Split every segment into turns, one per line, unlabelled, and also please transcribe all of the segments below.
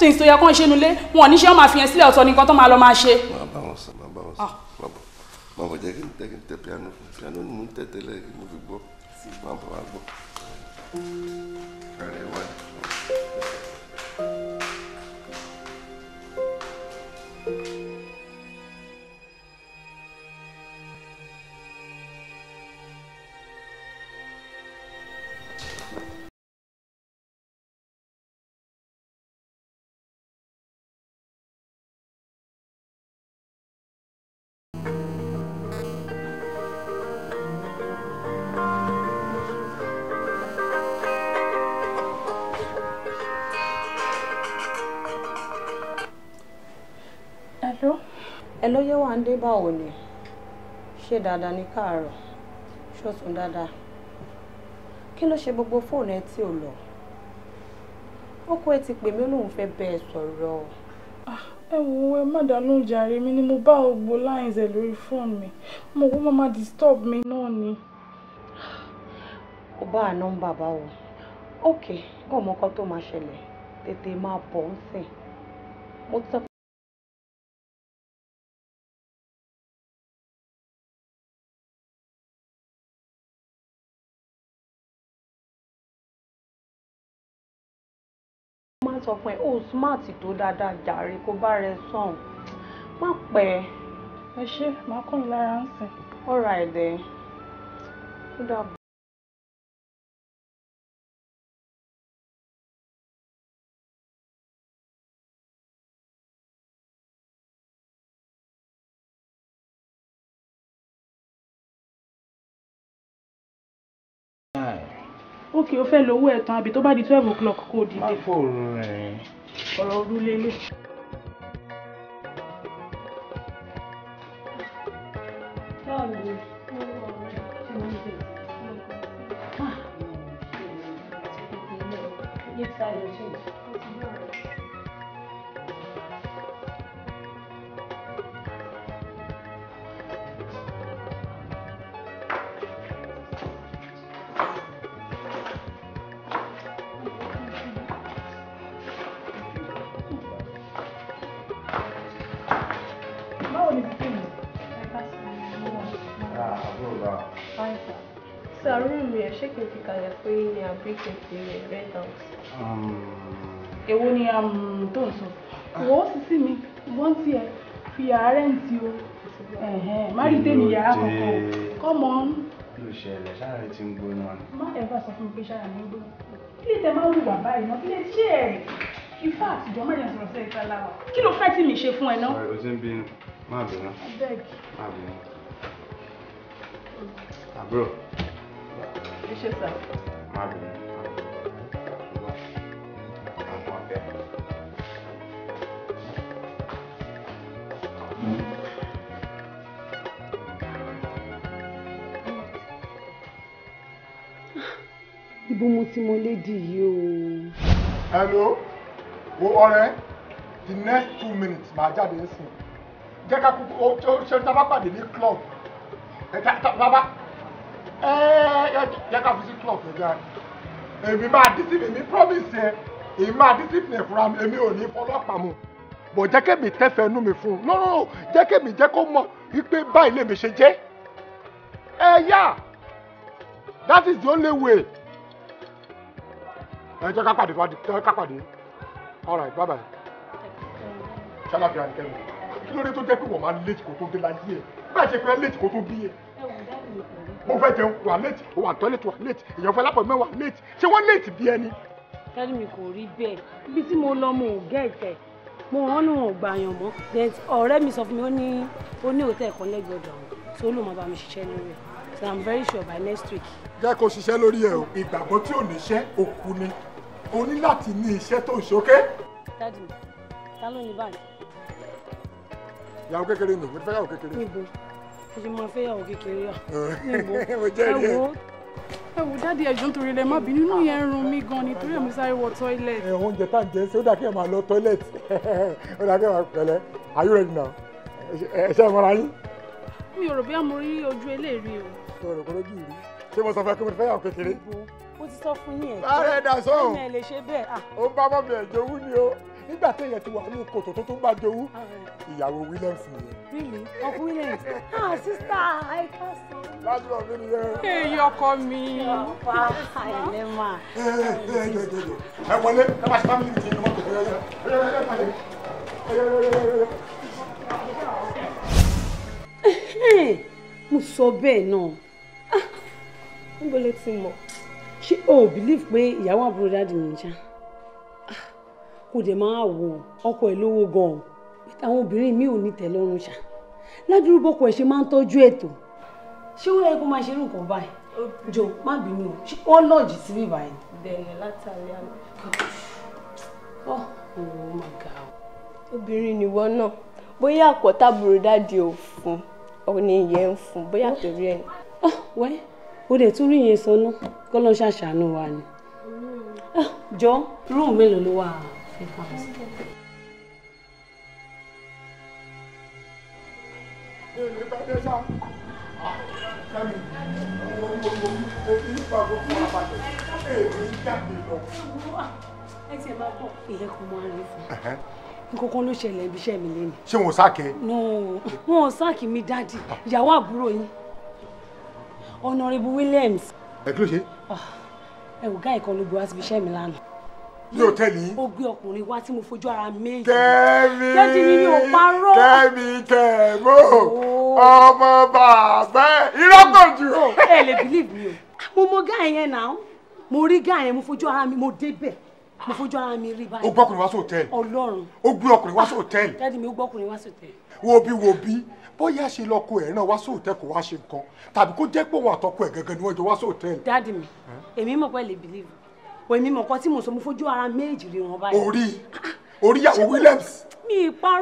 things tó yẹ kán ṣe nulẹ̀ wọn ò ní ṣe wọn fi yẹn sílẹ̀ ọ̀tọ̀ nìkan tó máa lọ máa ṣe. máa
bá ah. piano piano ni mo ń tẹ́ tẹ́lẹ̀ mo fi gbọ́ máa bọ̀
Oyewande báwo ni ṣé dáadáa ní káàárọ̀ ṣọ̀tún dáadáa kí ló ṣe gbogbo fóònù ẹ tí ò lọ ọkọ ẹ ti pè mí lóun fẹ́ bẹ ẹ sọ̀rọ̀ ah, ẹ wo ẹ má dá lóhùn jàre mi ni mo bá gbogbo lines ẹ lórí fóònù mi mo kó má disturb mi náà ni. ó bá àná ń bàbá o ókè ọmọ kan tó máa ṣẹlẹ̀ tètè máa bọ̀ ń sìn mo ti sọ sọ fún ẹ ó oh, smart tó dáadáa jàre kó bá rẹ sàn má pẹ́. ẹ ṣe màá kọ́ lára ń sìn. all right then ó dàbọ̀. ókè o fẹ́ lówó ẹ̀ tán àbí tó bá di twelve o'clock kó o dìde. má fòrò
rẹ̀. ọ̀rọ̀ orúlé lè.
Yes, ah. I will change.
Fine. So a room here, ṣé kí n fi kalẹ̀ fún yín ni àbí kí n fi rent out? Èwo ni tó ń sọ? Wo sísí mi, wọ́n ti ẹ̀ fi àárẹ̀ ń ti o. Má rí tèmi yàrá kankan o. Come on.
Kí ló ṣẹlẹ̀? Ṣáà rẹ ti ń gbóná ni.
Má ẹ bá sọ fún mi pé ṣáà mi ń gbóná. Kí lè tẹ máa ń wùwà báyìí náà? Kí lè ṣe ẹ̀? Ifá àtijọ́ mẹ́rin sọ̀rọ̀ sí ẹ̀ka láwa. Kí ló fẹ́ tí mi ṣe fún ẹ náà?
Sọ̀rọ̀ o ti ń bínú. Má bínú àbúrò. ẹ ṣe sá. má bínú.
ibo mo ti mọ lédi yìí
hello
wo ọ̀rẹ́ the next two minutes máa jáde ń sìn jẹ́ kuku, kúkú ó ṣe tá a bá pàdé club ẹ̀ tá a bá yẹ eh, eh, ká fi sí club ẹ̀dá èmi máa discipline èmi promise ẹ èmi máa discipline ẹ fúnra mi èmi ò ní fọlọ́pàá mu bọ̀ jẹ́ kẹ́mi tẹ́fẹ̀ẹ́ nú mi fún un no no no jẹ́ kẹ́mi jẹ́ kó mọ̀ wípé báyìí lèmi ṣe jẹ́ ẹ yá that is the only way ẹ jẹ́ ká pàdé ká pàdé all right bye bye ṣàlàfíà ní kẹ́mi kí ló dé tó jẹ́ pé wọ́n máa late kó tó dé láyé ẹ̀ báyìí ṣe pé late kó tó bí ẹ̀.
ẹ wò dáàbò ìpè o fẹ́ jẹun
wà late o wà
toilet wà late èèyàn fẹ́ lápò mẹ́wàá late ṣé wọ́n late bí ẹni. tẹ́lẹ̀ mi kò rí bẹ́ẹ̀ ibi tí mo lọ mo ò gẹ́ ìtẹ̀ mo rán ní wọn gbà yàn mọ́ then ọ̀rẹ́ mi sọ fún mi ó ní ó ní òtẹ́ ẹ̀kọ́ lẹ́gbẹ̀ọ́dọ̀ àwọn tó lò mọ́ bá mi ṣiṣẹ́ lórí ẹ̀ so i'm very sure by next week.
jẹ́ kó ṣiṣẹ́ lórí ẹ̀ o ìgbàgbọ́ tí ò ní iṣẹ́ òkú ni o ní láti ní iṣẹ́ tó ń
ṣoké. dádì ta ló ní báyìí.
ìyàwó kékeré nù mo ti
fẹ́ yàwó kékeré. níbo mo fi máa fẹ́yàwó kékeré à. ẹ wo ẹ wo dáàdi ẹjọ́ nítorí ilẹ̀ má bínú inú yẹn ń run mí gan nítorí èmi sáré wọ tọ́ílẹ̀tì. ẹ oúnjẹ tá à ń
jẹ ṣé ó dà kí ẹ máa lọ tọ́ílẹ̀tì ó dà kí ẹ máa pẹ̀lẹ́ are you ready now ẹ ṣe ìmọ̀ra yín.
mi ò rò bí àmọ́ rí ojú eléèrí o.
ṣé o rò kó lójú rí ṣé mo sọ fún ẹ kí mo fẹ́yàwó kékeré.
mo ti sọ fún yín ẹ̀. bá a rẹ̀ dà sóhùn. ó bá mọ́ mi ẹ̀
jowú ni o nígbà téèyàn ti wà ní kòtò tó tún bá jowú ìyàwó williams nìyẹn.
really of williams ah sista i can see. lásìkò mi nìyẹn. èyí ọkọ
mi. ọ̀pá àìlẹ́ mà. ẹ ẹ wọlé ẹ wá sí family mi ní
mọ́tò ẹ ẹ
ẹ ẹ mo sọ bẹ́ẹ̀ náà níbo lè ti mọ̀ ṣé o ò believe pé ìyàwó àbúrò dáàdì nìyẹn ṣáá kò dẹ̀ máa wò ọkọ ẹ̀ lówó gan-an pété àwọn obìnrin mi ò ní tẹ̀lọ́rùn ṣá ládùúgbò bọ́kọ ẹ̀ ṣe máa ń tọ́jú ètò ṣé ó yẹ kó máa ṣe irú nǹkan báyìí jọ má bínú o ṣé wọ́n lọ́ọ̀jì sí bíbá yìí. bẹ́ẹ̀ni látàrí àná. ọ ò mà o. obìnrin nìwọ náà bóyá àkọ́tà bùrọ̀dádì ò fún ọ ìyẹn ń fún bóyá oh. torí ẹ̀. Ah, wẹ́ẹ́ o dẹ̀ tún rí yẹn sọ náà kọ́ lọ́ọ́ ṣàṣàánú wa ni. Mm. Ah, jọ rúùmù mélòó ló wà á. Afiyet olsun. nkankan ló ṣẹlẹ̀ ibi iṣẹ́ mi lẹ́nu. ṣé wọn ò sáàkẹ́. no wọn ò sáàkì mi dáàdì ìyàwó àbúrò yín honourable williams.
ẹ kí ló ṣe. Ah,
ẹ ò gá ìkan ló gbé wá síbi iṣẹ́ mi lánàá ní
òtẹ́ẹ̀lì yìí. ó gbé ọkùnrin wá tí mo fojú ara méjì. kẹ́mi kẹ́mi mi ò parọ́. kẹ́mi kẹ́mó
ọmọ bàbá ìrọ́pọ̀jù. ẹ lè believe mi o mo mọ gáà yẹn náà mo rí gáà yẹn mo fojú ara mi mo débẹ̀ mo fojú ara mi rí báyìí. o gbọ́
ọkùnrin wá sí hòtẹ́ẹ̀lì. ọlọ́run. o gbé ọkùnrin wá sí hòtẹ́ẹ̀lì.
dádì mi ó gbọ́ ọkùnrin wá sí hòtẹ́ẹ̀lì.
wo bí wo bí bóyá ṣe lọkọ ẹ̀ náà wá sí hòtẹ́ẹ̀lì kó wá ṣe nǹkan tàbí kó jẹ́ pé òun àtọkọ ẹ̀ gẹ́gẹ́ ni wọ́n jọ wá sí hòtẹ́ẹ̀lì.
dádì mi èmi mọ̀ pé lè bìlíìfù èmi mọ̀ nǹkan tí mo sọ mo fojú ara méjì rí wọn báyìí. orí
oríyàwó Williams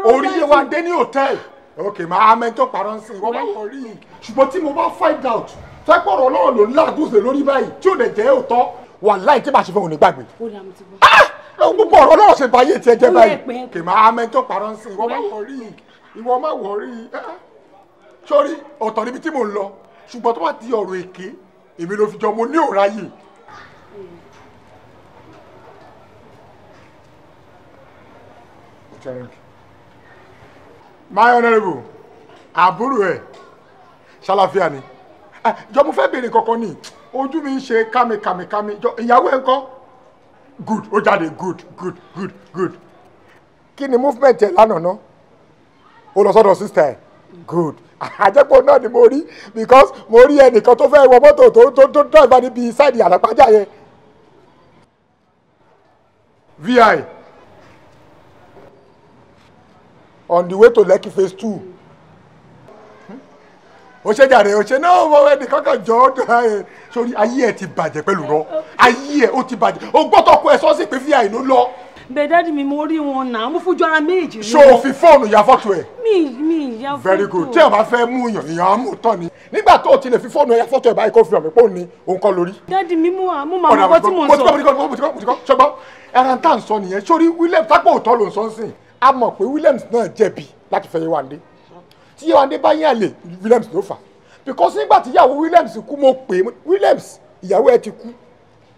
oríyẹwà dé
ní hòtẹ́ẹ̀lì ok máa mẹ tó parọ́ ń sìn ìwọ bá kọ rí i ṣùgbọ́n tí mo bá find out tẹ́pọ̀rọ̀ ọlọ́run ló ń láàgùnṣe lórí báyìí tí ò lè jẹ́ òótọ́ wàláì tí màá ṣe fún òun ní gbàgbé. Ah! gbogbo ọ̀rọ̀ ọlọ́run ṣe báyé tiẹ̀ jẹ́ báyìí Ok, máa mẹ tó parọ́ ń sìn ìwọ bá kọ rí i ìwọ má wọ̀ rí i sórí ọ̀tọ̀ níbi tí mò ń lọ ṣùgbọ́n tó bá ti ọ̀rọ̀ èké èmi ló fi jọ mo ní òòráyè drink. My honourable, àbúrò ẹ̀ ṣàlàfíà ni. Jọ mo fẹ́ béèrè kankan ni, ojú mi ń ṣe kámikàmikàmi, ìyàwó ẹ̀ ń kọ́. Good, ó jáde good, good, good, good. Kí ni movement ẹ̀ lánàá ná? O lọ sọ́dọ̀ sísítà ẹ̀. Good. Àjẹpọ̀ náà ni mo because mo rí ẹnìkan tó fẹ́ wọ to to tó tó tó ìbá níbi sáìdì VI on the way to Lekki phase two o ṣe jàre o ṣe náà mo wẹ́ni kankan jọ ọ́ sórí ayé ẹ ti bàjẹ́ pelu ro, ayé e ó ti bàjẹ́ o gbọ́tọ̀ kó ẹ sọ́ọ́sì pé fi àìnú lọ. bẹ̀dẹ́dì
mi mo rí wọn náà mo fojú ara méjì rí o fi
fóònù ya fọ́tò e.
mi mi ya fọ́tò. very good tí o bá
fẹ́ mú yàn yàn á mú tán ni nígbà tó o ti lè fi fóònù ya fọ́tò e báyìí kó fi hàn mí pé òun ni òun kọ́ lórí.
dẹ́dì mi mú àmú màmú kọ́ tí mo sọ. ọ̀nà mo ti kọ́
mo ti kọ́ mo ti kọ́ ṣọgbọ́n ẹran tá à ń sọ nìyẹn sórí wílẹ̀ tápò òtọ́ ló ń sọ ń a mọ̀ pé Williams náà jẹ̀bi láti fẹ́ Yéwándé tí Yéwándé bá yàn lè Williams ló fà because nígbà tí ìyàwó Williams kú mo pè é Williams ìyàwó ẹ ti kú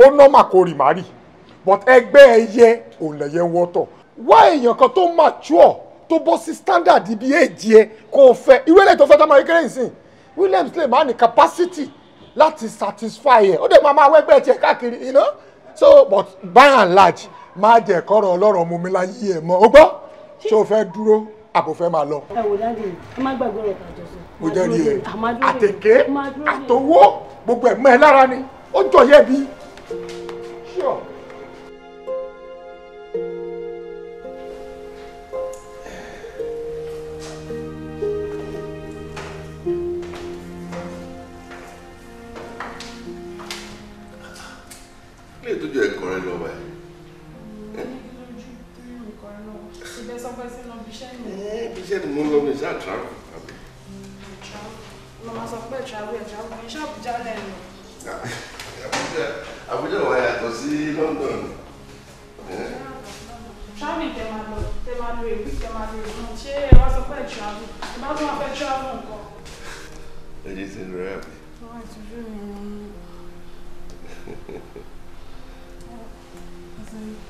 ó nọ́mà kó rì má but ẹgbẹ́ ẹyẹ òun lẹ̀yẹ ń wọ́tọ̀ wá èèyàn kan tó mature tó bọ́ sí standard ibi èjì ẹ kó o fẹ́ ìwé lè tó fẹ́ tọ́mọ kékeré ìsìn Williams lè má ní capacity láti satisfy ẹ ó dẹ̀ máa máa wẹ́gbẹ́ tiẹ̀ káàkiri you know so but by and large má jẹ́ kọ́rọ̀ ọlọ́rọ̀ mú mi láyé ẹ̀ mọ́ o ṣé o fẹ́ dúró àbò fẹ́ máa lọ.
ẹ wò dáàdi ẹ má gbàgbé rẹ̀ tàjọ sí. mo jẹ́ ni ẹ àtẹ̀kẹ́
àtọwọ́ gbogbo ẹ̀ mọ́ ẹ lára ni ó jọ yẹ bí. ilé ìtọ́jú ẹ̀kọ́ rẹ lọ
sọ pé sí lọ bí iṣẹ́ ni. bí
iṣẹ́ ni mo ń lọ ní ìṣá travel. mo máa sọ pé travel ẹ̀ travel ní ṣọ́ọ̀bù jálẹ̀ ni. Àbújá wa yàtọ̀ sí
London. travel tẹ máa lọ tẹ máa lo èwì tẹ máa lo èwì ṣé ẹ wá sọ pé travel ẹ bá tún wá fẹ́ travel nǹkan.
èdè ti rẹ àbí. wọ́n ti rí mi.
Thank you.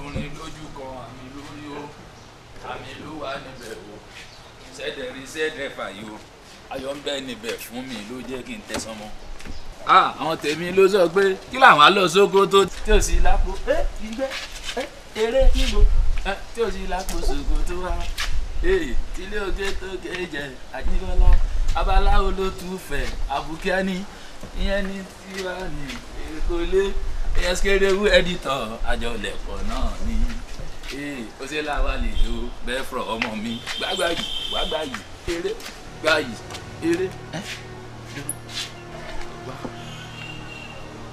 ló wà níbẹ̀ o sẹ́dẹ̀rì sẹ́dẹ̀fà yìí o ayọ̀ ń bẹ́ níbẹ̀ fún mi ló jẹ́ kí n tẹ̀sán mọ́. àwọn tèmi ló sọ pé kí làwọn á lọ sóko tó tí ò sí lápò ẹ ìgbẹ́ ẹ eré níbo tí ò sí lápò sóko tó wá tílé oge tó kẹjẹ àjíbọ́lá babaláwo ló tù fẹ̀ àbùkẹ́ ìyẹn ní tiwa ní èkó lé ẹ̀yẹ́sìkẹ́rẹ́wú ẹ̀dítọ̀ àjọlẹ̀pọ̀ náà ní ó ṣe láwa lè lo bẹ́fọ̀rọ̀ ọmọ mi gbágbáyì gbágbáyì eré gbáyì eré.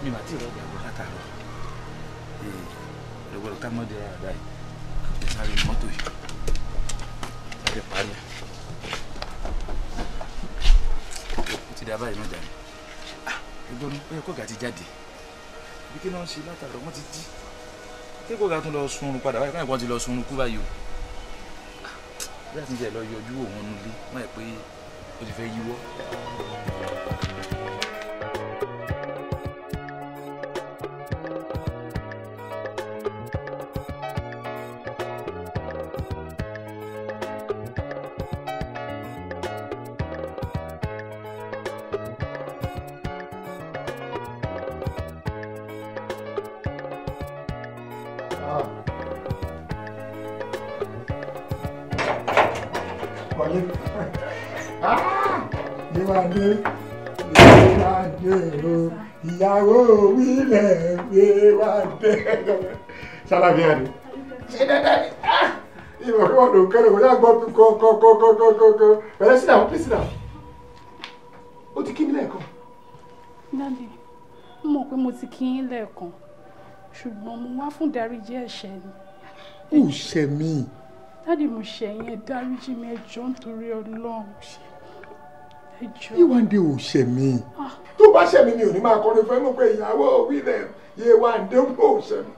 mi màá tí ì rọgbà bọ́ látàrọ ìrọ̀gbọ̀dọ̀ ká mọ́dé rárá báyìí ẹ̀ sáré mọ́tò yìí sáré parí ó ti dá báyìí náà jáde ẹgbọ́n ó yẹ kó gà ti jáde bí kí náà ń ṣe látàrọ wọ́n ti jí kí kò ká tún lọ sunrun padà báyìí káyọ̀ kan ti lọ sunrun kú báyìí o bí a ti ń jẹ́ lọ yọjú òun nulẹ̀ wọ́n yẹ pé ó ti fẹ́ yíwọ́.
Salafiya ni.
Ṣé dáadáa ni? Ah!
Ìwọ kí wọ́n lò ń kẹ́lẹ̀ wọ́n yá gbọ́ kọ́kọ́kọ́kọ́kọ́. Bẹ̀rẹ̀ sí náà, please sit down.
Ó ti kí mi lẹ́ẹ̀kan. Dádì, mo mọ̀ pé mo ti kí yín lẹ́ẹ̀kan, ṣùgbọ́n mo wá fún ìdáríjì ẹ̀ṣẹ̀ ni.
Ó ṣẹ̀ mí.
Dádì, mo ṣẹ̀ yín ẹ me mi John jọ̀ọ́ nítorí Ọlọ́run.
Yéwándé ò ṣẹ̀ mí. Ah. Tó bá ṣẹ̀ mí mi ò ní máa kọrin fún ẹnu pé ìyàwó William Yéwándé ò ṣẹ̀ mí.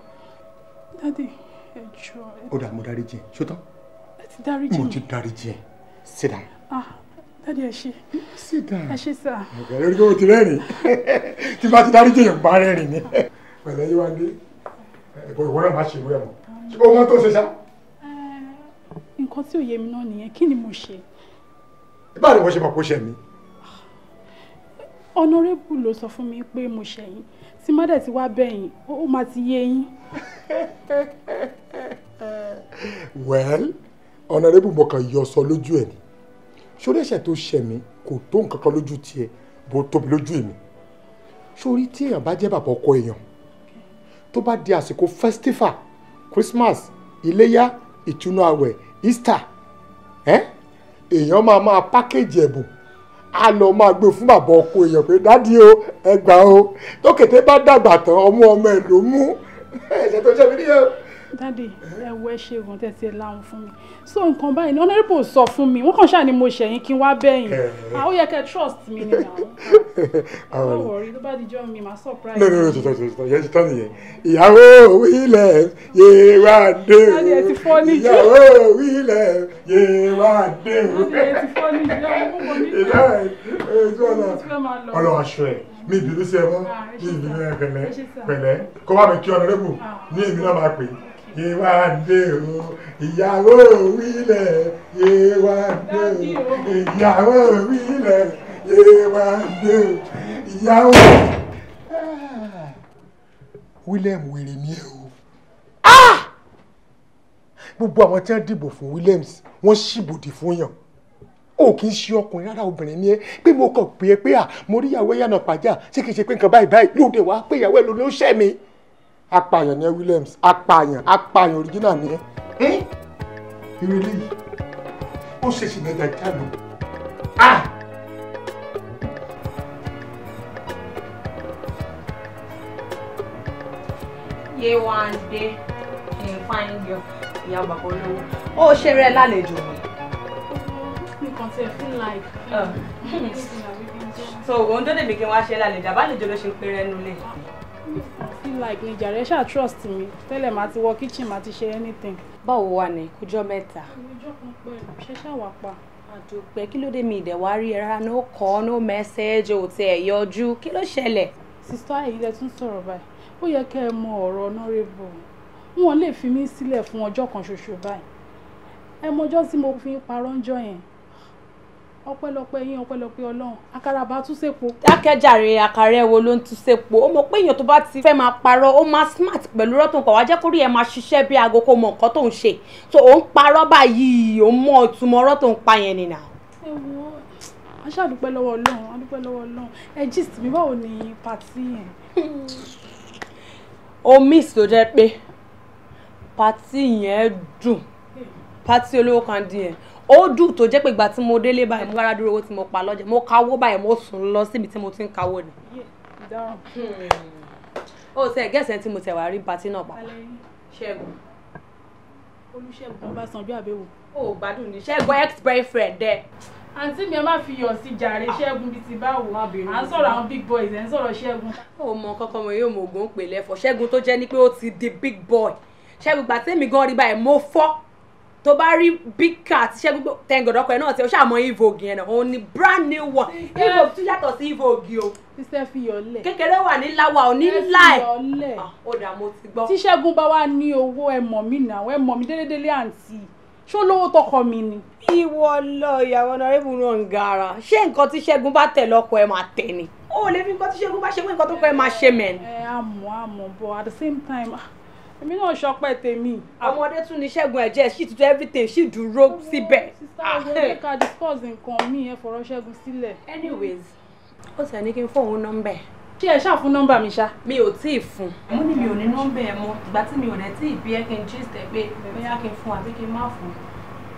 Dádì, ẹ jọ̀ọ́.
Ó dà mo dáríjì ẹ̀, ṣó tán?
Ẹ ti dáríjì mi. Mo ti
dáríjì ẹ̀, sit down.
Ah, dádì ẹ ṣe. Sit down. Ẹ ṣe sà.
Ọ̀gá lórí kí o ti rẹ́rìn-ín. Tí bá ti dáríjì ẹ̀ ń bá rẹ́rìn ni. Pẹ̀lẹ́ Yéwándé, ẹ̀bùn ìwọ náà má ṣe ìwé ẹ̀ mọ́. Ṣé o mọ́ tó ṣe ṣá?
Eh, nǹkan tí ò yé mi náà nìyẹn, kí ni mo ṣe?
Báwo ni ṣe mọ̀ kó ṣe mi?
honorable ló sọ fún mi pé mo ṣẹ̀yìn tí má dẹ̀ ti wá bẹ̀yìn ó máa ti yé yín.
well honorable mo kàn yọ sọ lójú ẹ̀ ni sórí ẹ̀ṣẹ̀ tó ṣẹ̀ mí kò tó nǹkan kan lójú tiẹ̀ bó tóbi lójú èmi sórí tí èèyàn bá jẹ́ bàbá ọkọ èèyàn tó bá di àsìkò festival christmas iléyá ìtúnú àwẹ̀ easter èèyàn máa máa pákéjì ẹ̀bùn a lọ máa gbé fún bàbá ọkọ èèyàn pé dádì o ẹgbàá o tó kété bá dàgbà tán ọmọ ọmọ ẹ ló mú
ẹsẹ tó ṣe mí nìyẹn. dáàdì ẹwọ ẹ ṣe gan tẹsí ẹ láwọn fún mi so nǹkan báyìí ní honourable sọ fún mi wọn kàn ṣáà ni mo ṣẹyìn kí n wá bẹyìn àwọn ah, yẹ kẹ trust mi ni àwọn ọwọ wọrí ló bá dijọ mi máa surprise. lórí lórí tuntun
tuntun yẹn ti tán nìyẹn ìyàwó wílẹ̀ yéwà dé
o
ìyàwó wílẹ̀ yéwà dé
o ìlà ojú ọ̀nà ọ̀rọ̀
aṣọ ẹ̀ mi ìbínú sí ẹ mọ́ ah, mi ìbínú ẹ pẹ̀lẹ́ pẹ̀lẹ́ kó wá mi kí honourable ah. ní èmi náà máa pè é. Yéwándé o ìyàwó wílẹ̀ Yéwándé o ìyàwó wílẹ̀ Yéwándé o ìyàwó.
Ah,
William wèrè ni ẹ o ah! gbogbo àwọn tí wọ́n dìbò fún Williams wọ́n ṣìbòdì fún yàn o kì í ṣe ọkùnrin rárá obìnrin ni ẹ pé mo kàn pé pé à mo rí ìyàwó ẹ̀yà náà pàjá ṣé kìí ṣe pé nǹkan báyìí báyìí lóde wàá pé ìyàwó ẹ̀ lóde ó ṣẹ́ mi apààyàn ni ẹ Williams apààyàn apààyàn original ni ẹ. irú eléyìí ó ṣe ṣìnà jàjánu.
Yéwándé ẹ̀ fine girl ìyá bàbá olówó. ó ṣeré ẹ lálejò mi. mi kàn ti ẹ̀ feel like. so òun tó dèbí kí wọ́n á ṣe lálejò àbálejò ló ṣe ń pèrè ẹnu lè like mi jàre ṣáà trust mi tẹ́lẹ̀ máa ti wọ kitchen máa ti share anything. báwo wà ní kújọ mẹ́ta. ìjọ kan pé ṣe ṣàwà pa. àdùpẹ́ kí ló mi ìdẹ̀ wá rí ẹ no call no message ò tẹ ẹ̀ yọjú kí ló ṣẹlẹ̀. sista ẹ̀yin lẹ tún sọ̀rọ̀ báyìí ó yẹ kẹ́ ẹ mọ ọ̀rọ̀ honourable wọn lè fi mí sílẹ̀ fún ọjọ́ kan ṣoṣo báyìí ẹ mọjọ́ tí mo fi ń parọ́ ọpẹ́lọpẹ́ yín ọpẹ́lọpẹ́ Ọlọ́run àkàrà bá tún sèpo. dákẹ́jàre àkàrà ẹ̀ wo ló ń tún sèpo ó mọ̀ pé èèyàn tó bá ti fẹ́ máa parọ́ ó máa smart pẹ̀lú rọ́tò nǹkan wá jẹ́ kórìí ẹ̀ máa ṣiṣẹ́ bí aago kó mọ nǹkan tó ń ṣe tó ò ń parọ́ báyìí ò ń mọ ọ̀túnmọ̀ rọ́tò ń pa yẹn nìyà. ẹ wo a ṣàdúpẹ́ lọ́wọ́ Ọlọ́run a dúpẹ́ lọ́wọ́ Ọlọ́run ẹ gist mi báwo ni pàtí yẹn. o miss tó jẹ́ pé pàtí yẹn dùn pàtí olówó kan dín yẹn ó dùn tó jẹ́ pé ìgbà tí mo délé báyìí mo rárá dúró owó tí mo pa lọ́jà mo kawó báyìí mo sùn lọ síbi tí mo ti ń kawó ni. ó hmm. tẹ gẹ́sẹ̀ tí mo tẹ̀ wá rí patí náà pa. ṣẹ́gun olùṣègùn ọbásanjọ́ àbẹ̀wò. ó gbádùn ní ṣẹ́gun ex boyfriend ẹ̀. àǹtí mi ẹ má fi yọ̀ sí jàre ah. ṣẹ́gun bíi ti báwo à ń sọ̀rọ̀ àwọn big boys ẹ̀ ń sọ̀rọ̀ ṣẹ́gun. o mọ kankan mo yóò mọ ògùn pè lẹ́fọ̀ ṣẹ́gun tó jẹ́ ni pé ó ti di big boy ṣẹ́gun gbà tẹ́mi gan rí báyìí mo fọ́ tó bá rí big cat ṣẹ́gun gbọ́ tẹ̀gọ̀dọ́kọ̀ ẹ̀ náà tí ó ṣàmọ́ evogue yẹn náà òun ni brand new one Evo, tún yàtọ̀ sí evogue o. sísẹ́ fi yọlẹ̀. kékeré wà ní láwa ò ní ńlá ẹ̀. Ah, ó dà mo ti gbọ́. tí ṣẹ́gun bá wá ní owó ẹ mọ̀ mí náà ẹ mọ̀ mí délédélé àǹtí ṣó lówó tọkọ mi ni. ìwọ lọ ìyàwó náà rẹ́bù náà ń gara ṣé nǹkan tí ṣẹ́gun bá tẹ̀ lọ́kọ ẹ máa tẹ̀ ni. ó lè fi nǹkan tí ṣẹ́gun bá ṣe fún nǹkan tó kọ ẹ máa ṣe mẹ́ni. ẹ àmọ́ àmọ́ but at the same time ah, èmi náà ṣọpẹ́ tèmi. Ah. ọmọdé tún ní ṣẹ́gun ẹ̀jẹ̀ she do everything she dúró oh, síbẹ̀. sísá ọgbẹ́ jẹ́ ká discuss nǹkan mi ẹ fọ̀rọ̀ ṣẹ́gun sílẹ̀. anyways ó tẹ̀ ní kí n fóun nọ́mbẹ̀. ṣé ẹ ṣáà fún nọ́mbà mi ṣá. mi ò tí ì fún. mo ní mi ò ní nọ́mbà ẹ mọ́ ìgbà tí mi ò dẹ̀ tí ì bí ẹ kí n gist ẹ pé bóyá kí n fún àbí kí n má fún.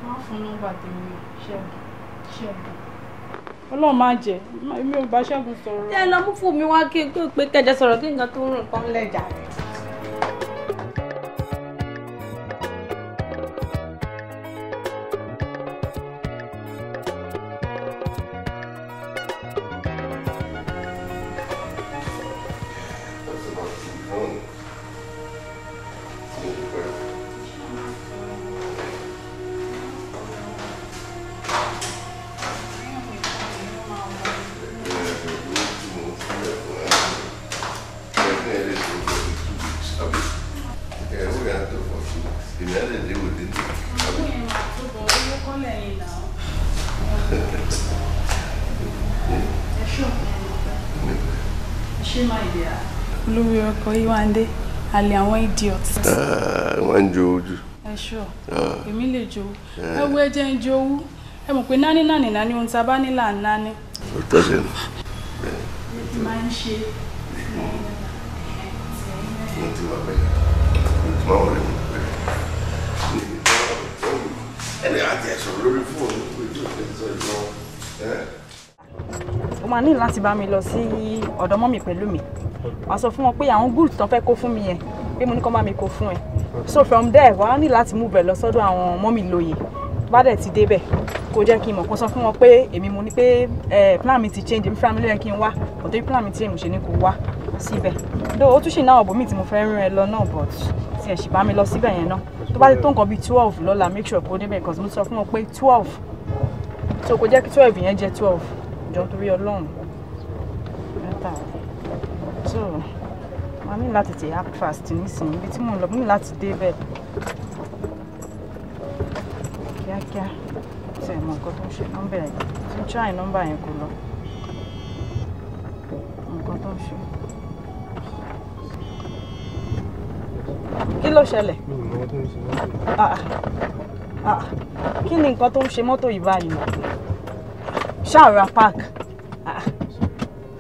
má fún nọ́mbà tèmi ṣẹ́gun ṣẹ́gun máa jẹ mi ò bá ṣẹ́gun sọ̀rọ̀. ẹ lọ mú fún mi wá kí n pé kẹjẹ sọ̀rọ̀ kí nǹkan tó ń rìn kan lẹ́jà rẹ̀. Oyewande àlè àwọn idiot.
Ah, wọ́n ń jo ojú.
ẹ ṣọ ah. èmi lè jo eh. ẹ wo ẹjẹ ń jo owó ẹ mọ̀ pé nání nání nání ohun tá a bá ní là ń nání. òótọ́ ṣe nù. máa ń ṣe. mo ti wà bẹ́ẹ̀ mo ti máa wọlé mi ẹni àti ẹ̀sọ̀ lórí fóònù ojú ìfẹsọ̀ ìlọ. o eh? máa ní láti bá mi lọ sí ọ̀dọ̀ pẹ̀lú mi wàá sọ fún wọn pé àwọn goods tán fẹ́ kó fún mi yẹn pé mo ní kán bá mi kó fún ẹ so from there wàá ní láti move ẹ lọ sọ́dọ̀ àwọn mọ́mì lóye bá dẹ̀ ti débẹ̀ kó jẹ́ kí n mọ̀ kó sọ fún wọn pé èmi mo ní pé plan mi ti change èmi fúnra mi ló yẹ kí n wá kò tó plan mi ti èmi ṣe ni kò wá síbẹ̀ dó o tún ṣì náà ọ̀bọ̀ mi tí mo fẹ́ rìn ẹ lọ náà but tí ẹ̀ sì bá mi lọ síbẹ̀ yẹn náà tó bá ti tó nǹkan bíi twelve lọ́la make sure kó débẹ̀ because mo sọ fún wọn pé twelve so kó jẹ́ kí twelve yẹn jẹ́ twelve jọ torí ọlọ́run so màá ní láti tètè act fast nísìnyí ibi tí mò ń lọ mò ní láti dé bẹ́ẹ̀ kíákíá ṣe mọ nǹkan tó ń ṣe nọ́mbà yẹn tí ń try nọ́mbà yẹn kò lọ nǹkan tó ń ṣe. kí ló ṣẹlẹ̀? Ah, ah. Ah, kí ni nǹkan tó ń ṣe mọ́tò yìí báyìí ṣáàrà park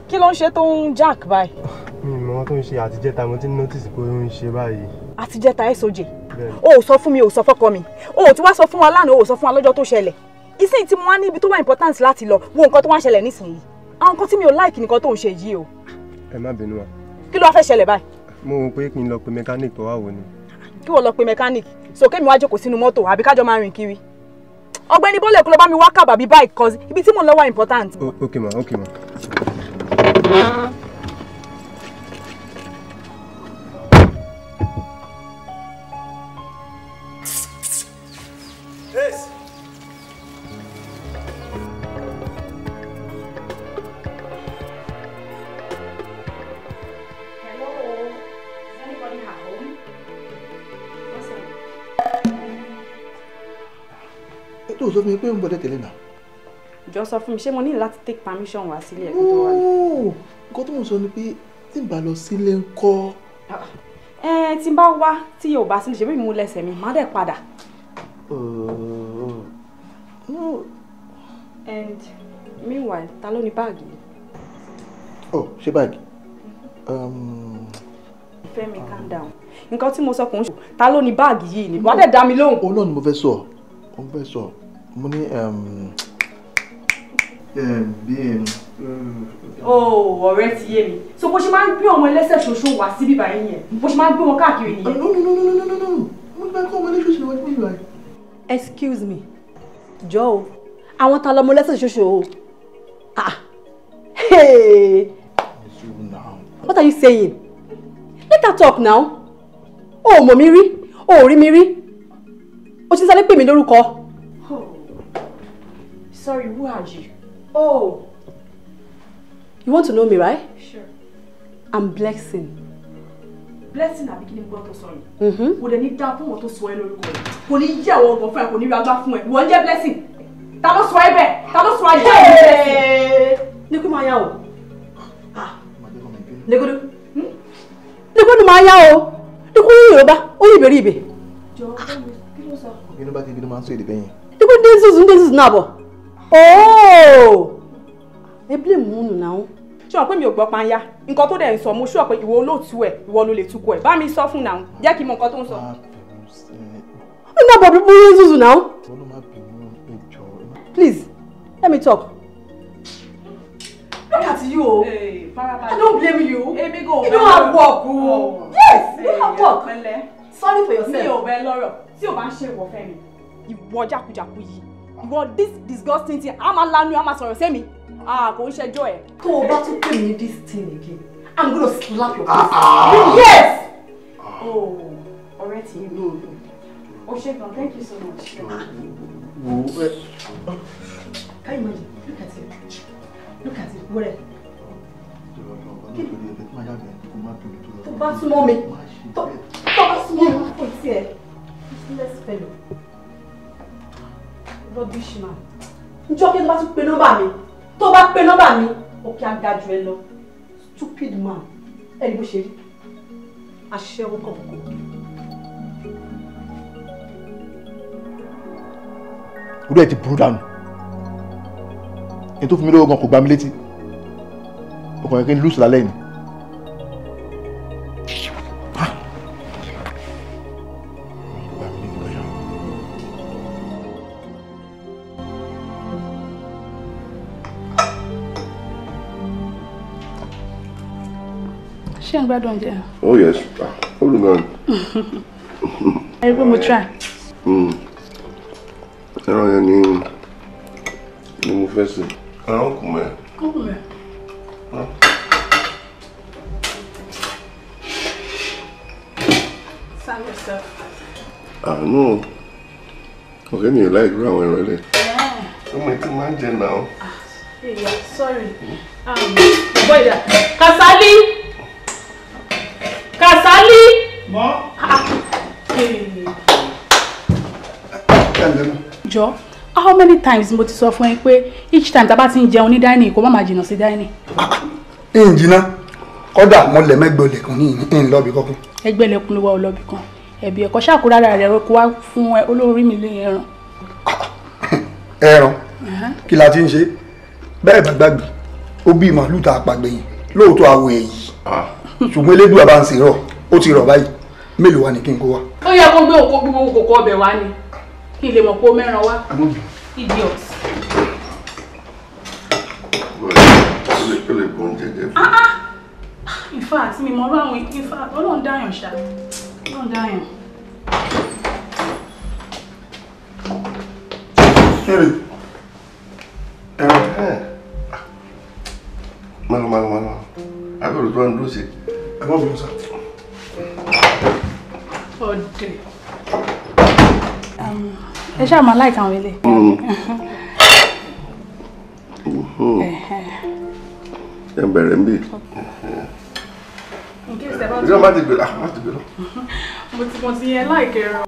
kí ló ń ṣe tó ń jack báyìí
nǹkan tó ń ṣe àtijẹ́ta
mo ti ń
notice pé ó ń ṣe báyìí.
àtijẹ́ta soj o ò sọ fún mi o ò sọ fọ́kọ mi o ò tí wàá sọ fún wa lánàá o ò sọ fún wa lọ́jọ́ tó ṣẹlẹ̀ ìsìn tí mo wá ní ibi tó wà important láti lọ wo nǹkan tó wá ṣẹlẹ̀ nísìnyí àwọn nǹkan tí mi ò like nìkan tó ń ṣe yìí o. ẹ má bínú wa. kí ló wá fẹ́ ṣẹlẹ̀ báyìí.
mo rò pé kí n lọ pe mechanic tó wà wò ni.
kí wọ́n lọ pe mechanic so kémi wá jókòó sínú mọ́tò àbí kájọ máa rìn kiri. ọ̀gbẹ́ni bọ́lẹ̀ kó lọ bá mi wá kábàbí báyìí cause ibi tí mo lọ wà
ok ma ok ma. sọ fún mi pé ń gbọ́dọ̀ tẹ̀lé náà.
ìjọ sọ fún mi ṣé mo ní láti take permission wá sílé ẹ̀kọ́ tó wà ní. nǹkan tó mò ń sọ ni pé tí n bá lọ sílé ń kọ́. Ah, ẹ tí n bá wá tí yóò bá sílé ṣe bí mo lẹsẹ̀ mi má dẹ̀ padà. and meanwhile ta ló ní báàgì.
oh ṣé báàgì. Um,
Fẹ́mi calm down nǹkan tí mo sọ kò ń ṣe ta ló ní báàgì yìí ni wàá dẹ̀ dá mi lóhùn. òun náà ni mo fẹ́
sọ òun fẹ́ sọ mo ní um, um, bí. Um,
o ọ̀rẹ́ ti yé mi so bó ṣe máa ń gbé ọmọ ẹlẹ́sẹ̀ ṣoṣo wá síbí báyìí yẹn bó ṣe máa ń gbé wọn káàkiri nìyẹn. no no no no no no mo ti máa ń kó ọmọ ẹlẹ́sẹ̀ ṣoṣo wá síbí báyìí. excuse me jọ o àwọn ta lọmọ ẹlẹ́sẹ̀ ṣoṣo o ah hey what are you saying let her talk now o ò mọ̀ mi rí o ò rí mi rí o ti sáré pè mí lórúkọ. Sorry, who are you? Oh! You want to know me, right? Sure. I'm Blessing. Blessing àbí kí ni gbọ́ tó sọ yìí. Kò dẹ̀ ní dá fún wọn tó sọ ẹ lórúkọ yìí. Kò ní yẹ̀ wọ́n gan fún ẹ, kò ní ragbá fún ẹ. Ìwọ ń jẹ́ Blessing. Ta ló sọ ẹ bẹ́ẹ̀? Ta ló sọ ajá ẹ bẹ́ẹ̀? Ní kí máa yá o. Légodo. Ah. Légodo hmm? máa yá o. Légodo ní Yorùbá, ó yí ìbéèrè ìbè. Jọ̀wọ́ kí ló sọ? Obìnrin
bá ti bínú máa ń sọ èdè bẹ́yìn.
Légodo dé zùzù ń dé zùzù náà bọ̀ ooo oh! ẹ bí lè mú un nà ó. ṣé wọn pé mi ò gbọ́ panya nǹkan tó dẹ̀ ń sọ mo ṣúọ̀ pé ìwọ olóòtú ẹ̀ ìwọ ló lè tukọ̀ ẹ̀ bá mi sọ fún nà ó jẹ́ kí n mọ nǹkan tó ń sọ. ó ah, náà bọ̀ bí mo yín zùzù please let me talk. Look at you. Hey, I don't blame you. Hey, you don't have work. Oh. Yes, you don't have work. Sorry for yourself. Mi ò bẹ lọ́rọ̀ tí o bá ń ṣe ìwọ̀fẹ́ mi. Ìwọ jákujàku yìí but this disgusting thing a máa lanu a máa sọ̀rọ̀ sẹ́mi ah kò ń ṣẹjọ́ ẹ̀. tó o bá tún pè mí ní this thing again i'm going to slap your face. Ah, ah. yes. Ah. oh already. ti inú olú thank you so much. can you imagine look at it look at it wẹ́rẹ́. tó bá súnmọ́ mi tó bá súnmọ́ mi kò tiẹ̀ useless fellow rubbish man njọ́ kí ló bá tún pe nọ́mbà mi tó bá pe nọ́mbà mi òkè agájú ẹ lọ stupid man ẹni bó ṣe rí aṣẹ́wó kọ̀ọ̀kan.
orí ẹ ti burú dànù ẹni tó fún mi lówó gan kò gbá mi létí ọkùnrin kí n lùsùn lálẹ́ yìí
ṣé ń gbádùn oúnjẹ.
oh yes hold on.
ẹ rí pé mo try.
Hmm. ẹran yẹn ni ni mo fẹ́ sè. ẹran kù mẹ́.
kù mẹ́.
serve yourself.
àánú
ọ̀rẹ́ mi ò láì dúró àwọn ẹran ẹlẹ́. ọmọ ẹ ti máa ń jẹ náà.
Ah, sorry um, boy da Kasali. jọ how many times mo ti sọ fún ẹ pé each time tá a bá ti ń jẹun ní dining kó má máa jìnnà sí dining.
ń jìnnà kódà mo lẹ̀ mẹ́gbẹ́ olèkùn ní ìhìn lọ́ọ̀bì kankan.
ẹgbẹ́ ilẹ̀kùn ló wá olọ́ọ̀bì kan ẹ̀bí ẹ̀kọ́ ṣàkórára rẹ̀ kó wá fún ẹ olórí mi lóyún
ẹran.
ẹran kí la ti ń ṣe bẹ́ẹ̀ bá gbàgbé ó bí màálù tá a pàgbẹ́yìn lóòótọ́ àwọ̀ èyí ah. ṣùgbọ́n elédùn àbá ń ṣèrọ̀ ó ti rọ̀ báyìí mélòó wa ni kí n kó wa.
ó yẹ kó gbé òkú gbogbo kòkó ọbẹ̀ wá ni kí n lè mọ̀ pé o mẹ́ran wá idiot. Ah, ah. in fact mi mọ̀ ọ́rọ́ àwọn in fact ọlọ́run dáyàn ṣá ọlọ́run dáyàn.
Kiri, ẹ̀rọ eh. ẹ̀ malu malu malu abẹ́rù tó ń dúró sí. Ẹ má bọ̀ sá.
Ọ̀dẹ̀ ẹ ṣáà máa láìka àwọn ilé. Mm.
Mm-hmm.
ẹ bẹ̀rẹ̀ ń bì. ìjọba ti ah, gbèrò.
mo ti mo ti yẹ láìkẹ́ rọ.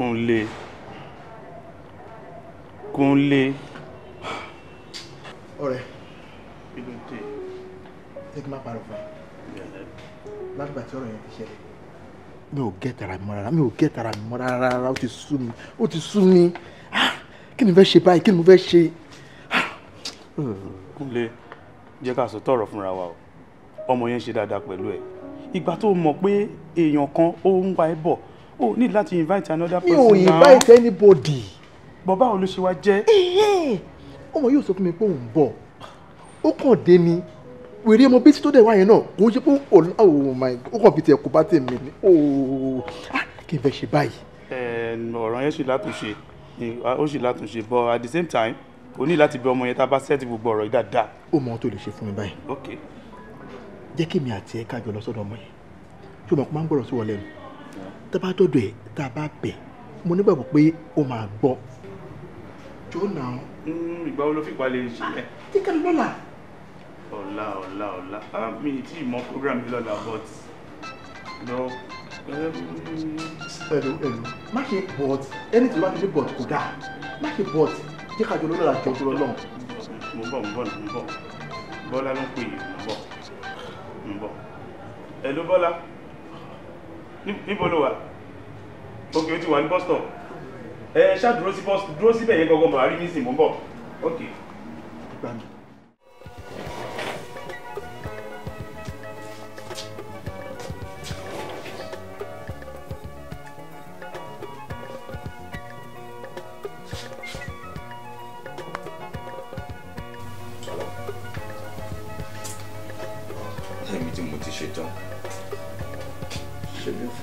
Kúnlé Kúnlé. ọ̀rẹ́ inú dé
ṣé kí n má parọ́ fún ẹ látìgbà tí ọ̀rọ̀ yẹn ti ṣẹlẹ̀
mi ò gẹ́ tara
mi mọ́ rárá mi ò gẹ́ tara mi mọ́ rárá ó ti sú mi O ti sú mi ah, kí ni mo fẹ́ ṣe báyìí
kí ni mo fẹ́ ṣe. Ah. Kúnlé jẹ́ ká sọ tọ̀rọ̀ fúnra wa o ọmọ yẹn ṣe dáadáa pẹ̀lú ẹ̀ ìgbà tó mọ̀ pé èèyàn kan ó ń wá ẹ bọ̀ o need to invite another person now. mi ò invite anybody. bọ̀bá olùṣèwà
jẹ́. ọmọ yóò sọ fún mi pé òun bọ̀ ó kàn dé ni wèrè ọmọ bíi tó dẹ̀ wá yẹn náà kò ń ṣe pé oh my ó kàn fi tiẹ̀ kó bá tèmi ni ooo oh, ah, kì í fẹ́ ṣe báyìí.
ọ̀rọ̀ yẹn ṣì látúnṣe ó ṣì látúnṣe but at the same time o ní láti bẹ ọmọ yẹn tá a bá sẹ́ẹ̀tì gbogbo ọ̀rọ̀ yìí dáadáa.
ó mọ ohun tó lè ṣe fún mi báyìí. ok. jẹ́ kí mi àti ẹ̀ kájọ lọ ọmọ yẹn ṣùgbọ́n kó máa ń gbọ́dọ̀ sí wọlé nu tá a bá dọ̀dọ̀ ẹ̀ tá a bá bẹ̀ mo nígbàgbọ́ pé ó máa gbọ́. jọ́nà.
Hmm, ìgbà wo ló fi palẹ̀ ṣe ẹ. kíkà lọ́la. ọ̀la ọ̀la ọ̀la ah, mi ì tí ì mọ program yìí lọ́la but lọ.
ẹnu ẹnu má ṣe but ẹni tí wàá fi ṣe but kò dáa má ṣe but jẹ́
ká jọ lọ́la jọ tó lọ́lọ́. mo bọ̀ mo bọ̀ mo bọ̀ bọ́lá ló ń pè é mo bọ̀ mo bọ̀ ẹ̀ bọ́lá níbo ló wà ok o ti wà ní bus stop ẹ ṣáà dúró sí bus dúró síbẹ̀ yẹn gangan màá rí mi sìn mọ́ bọ̀ ok. gbàgbé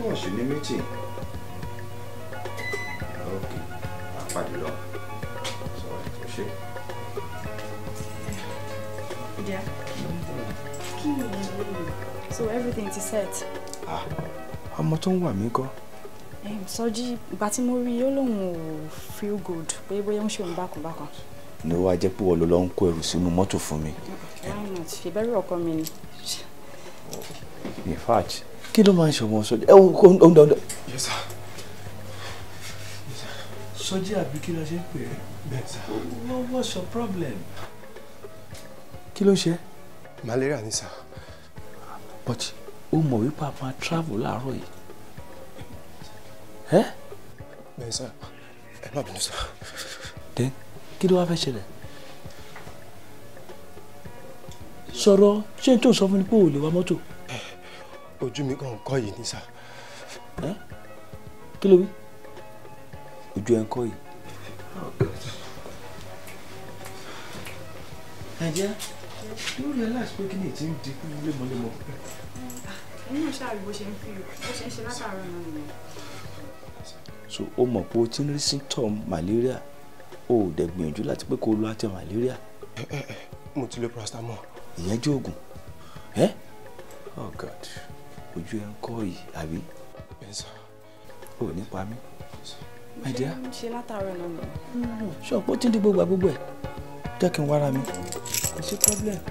wọn ṣe ní meeting ok àpàdé lọ sọ ẹ kò ṣe.
so everything ti set. ah
ọmọ tó ń wà mí kọ́.
Ehm, sọjí ìgbà tí mo rí i ó lóun ò feel good pé bóyá ń ṣe òun bákan bákan.
ni wàá jẹ́ pé wọ́n ló lọ ń kó ẹrù sínú mọ́tò fún mi.
ṣe bẹ́rù ọkọ mi ni.
in fact kí ló máa ń ṣọmọ sọjí ẹ ohun kò ń dọdọ. sọjí àbí kí ló ṣe ń pè é bẹ́ẹ̀ what's your problem. kí ló ṣe. malaria ni sir. but o mọ̀ wípé a máa travel láàárọ̀ yìí. ẹ. bẹ́ẹ̀ sir ẹ má bínú sir. then kí ló wá fẹ́ ṣẹlẹ̀ sọ̀rọ̀ ṣé n tó sọ fún mi pé o lè wa mọ́tò ojú mi kàn ń kọ́ yìí ní sà. kí ló wí ojú ẹ ń kọ́ yìí. ẹ̀jẹ̀ lórí ẹ láti pé kí ni ètí ń di kúrú lémọ́lémọ́.
èmi náà ṣáà rí bó ṣe ń fi bó ṣe ń ṣe látàárọ̀ náà nìyẹn.
so o mọ̀ pé o ti ń rí symptom malaria o ò dẹ̀ gbìyànjú láti pé kó o lo àtẹ malaria.
ẹ ẹ mo ti lo paracetamol. ìyẹn jẹ́ oògùn. Eh?
Oh God ojú ẹ ń kọ́ yìí àbí. o ò ní pa mí. my dear.
ṣe látàárọ̀ náà nù. Hmm,
ṣọ̀pọ̀ tí ń di gbogbo àgbogbo ẹ̀ jẹ́ kí n wára mi. kò sí problem.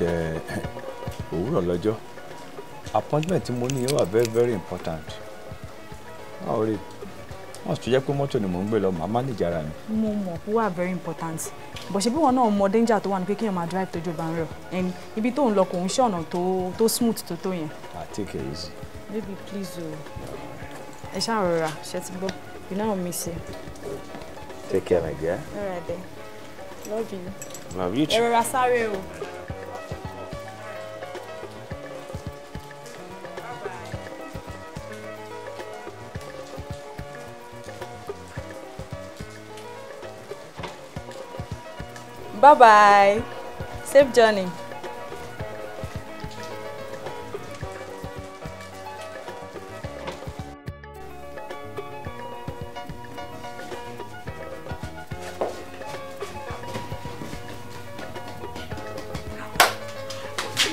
Uh, òwúrọ̀ lọ́jọ́ appointment tí mo ní wà very very important wà ó rí wọn sì tún jẹ́ pé mọ́tò ni mò ń gbé lọ màá má ara mi.
mo mọ̀ pé wà very important bó ṣe bí wọn náà mọ danger tó wà ní pé kéèyàn máa drive tójú bá ń rọ and ibi tó ń lọ kò ń ṣe ọ̀nà tó smooth tó tó yẹn. i
ah, take it easy.
baby please o ẹ ṣáà rọra ṣe ti gbọ́ you know miss you.
take care my dear.
all right then love you. love you too. ẹ rọra sáré o. Bye bye. Safe journey.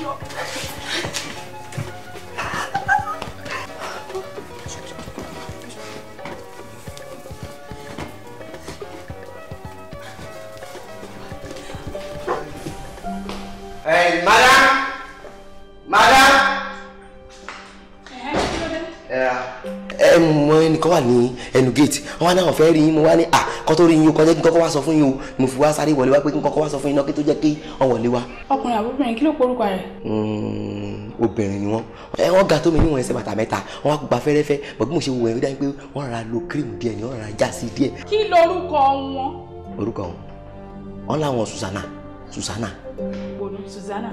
No.
gate wọn náà fẹ́ rí yín mo wá ní à kọ́ tó rí yín kọjá kí n kọ́kọ́ wá sọ fún yín o mo fi wá sáré wọlé wá pé kí n kọ́kọ́ wá sọ fún yín náà kí tó jẹ́ kí wọ́n wọlé wá.
ọkùnrin àbúbìnrin kí ló porúkọ rẹ.
Hmm, obìnrin ni wọn ẹ wọn ga tó mi níwọn ẹsẹ̀ bàtà mẹ́ta wọn á gba fẹ́rẹ́fẹ́ bọ mo ṣe wọ ẹrí dájú pé wọn rà lo cream díẹ̀ ni wọn rà já sí díẹ̀.
kí lorúkọ wọn.
orúkọ wọn wọn làwọn Susanna Susanna.
bòlù Susanna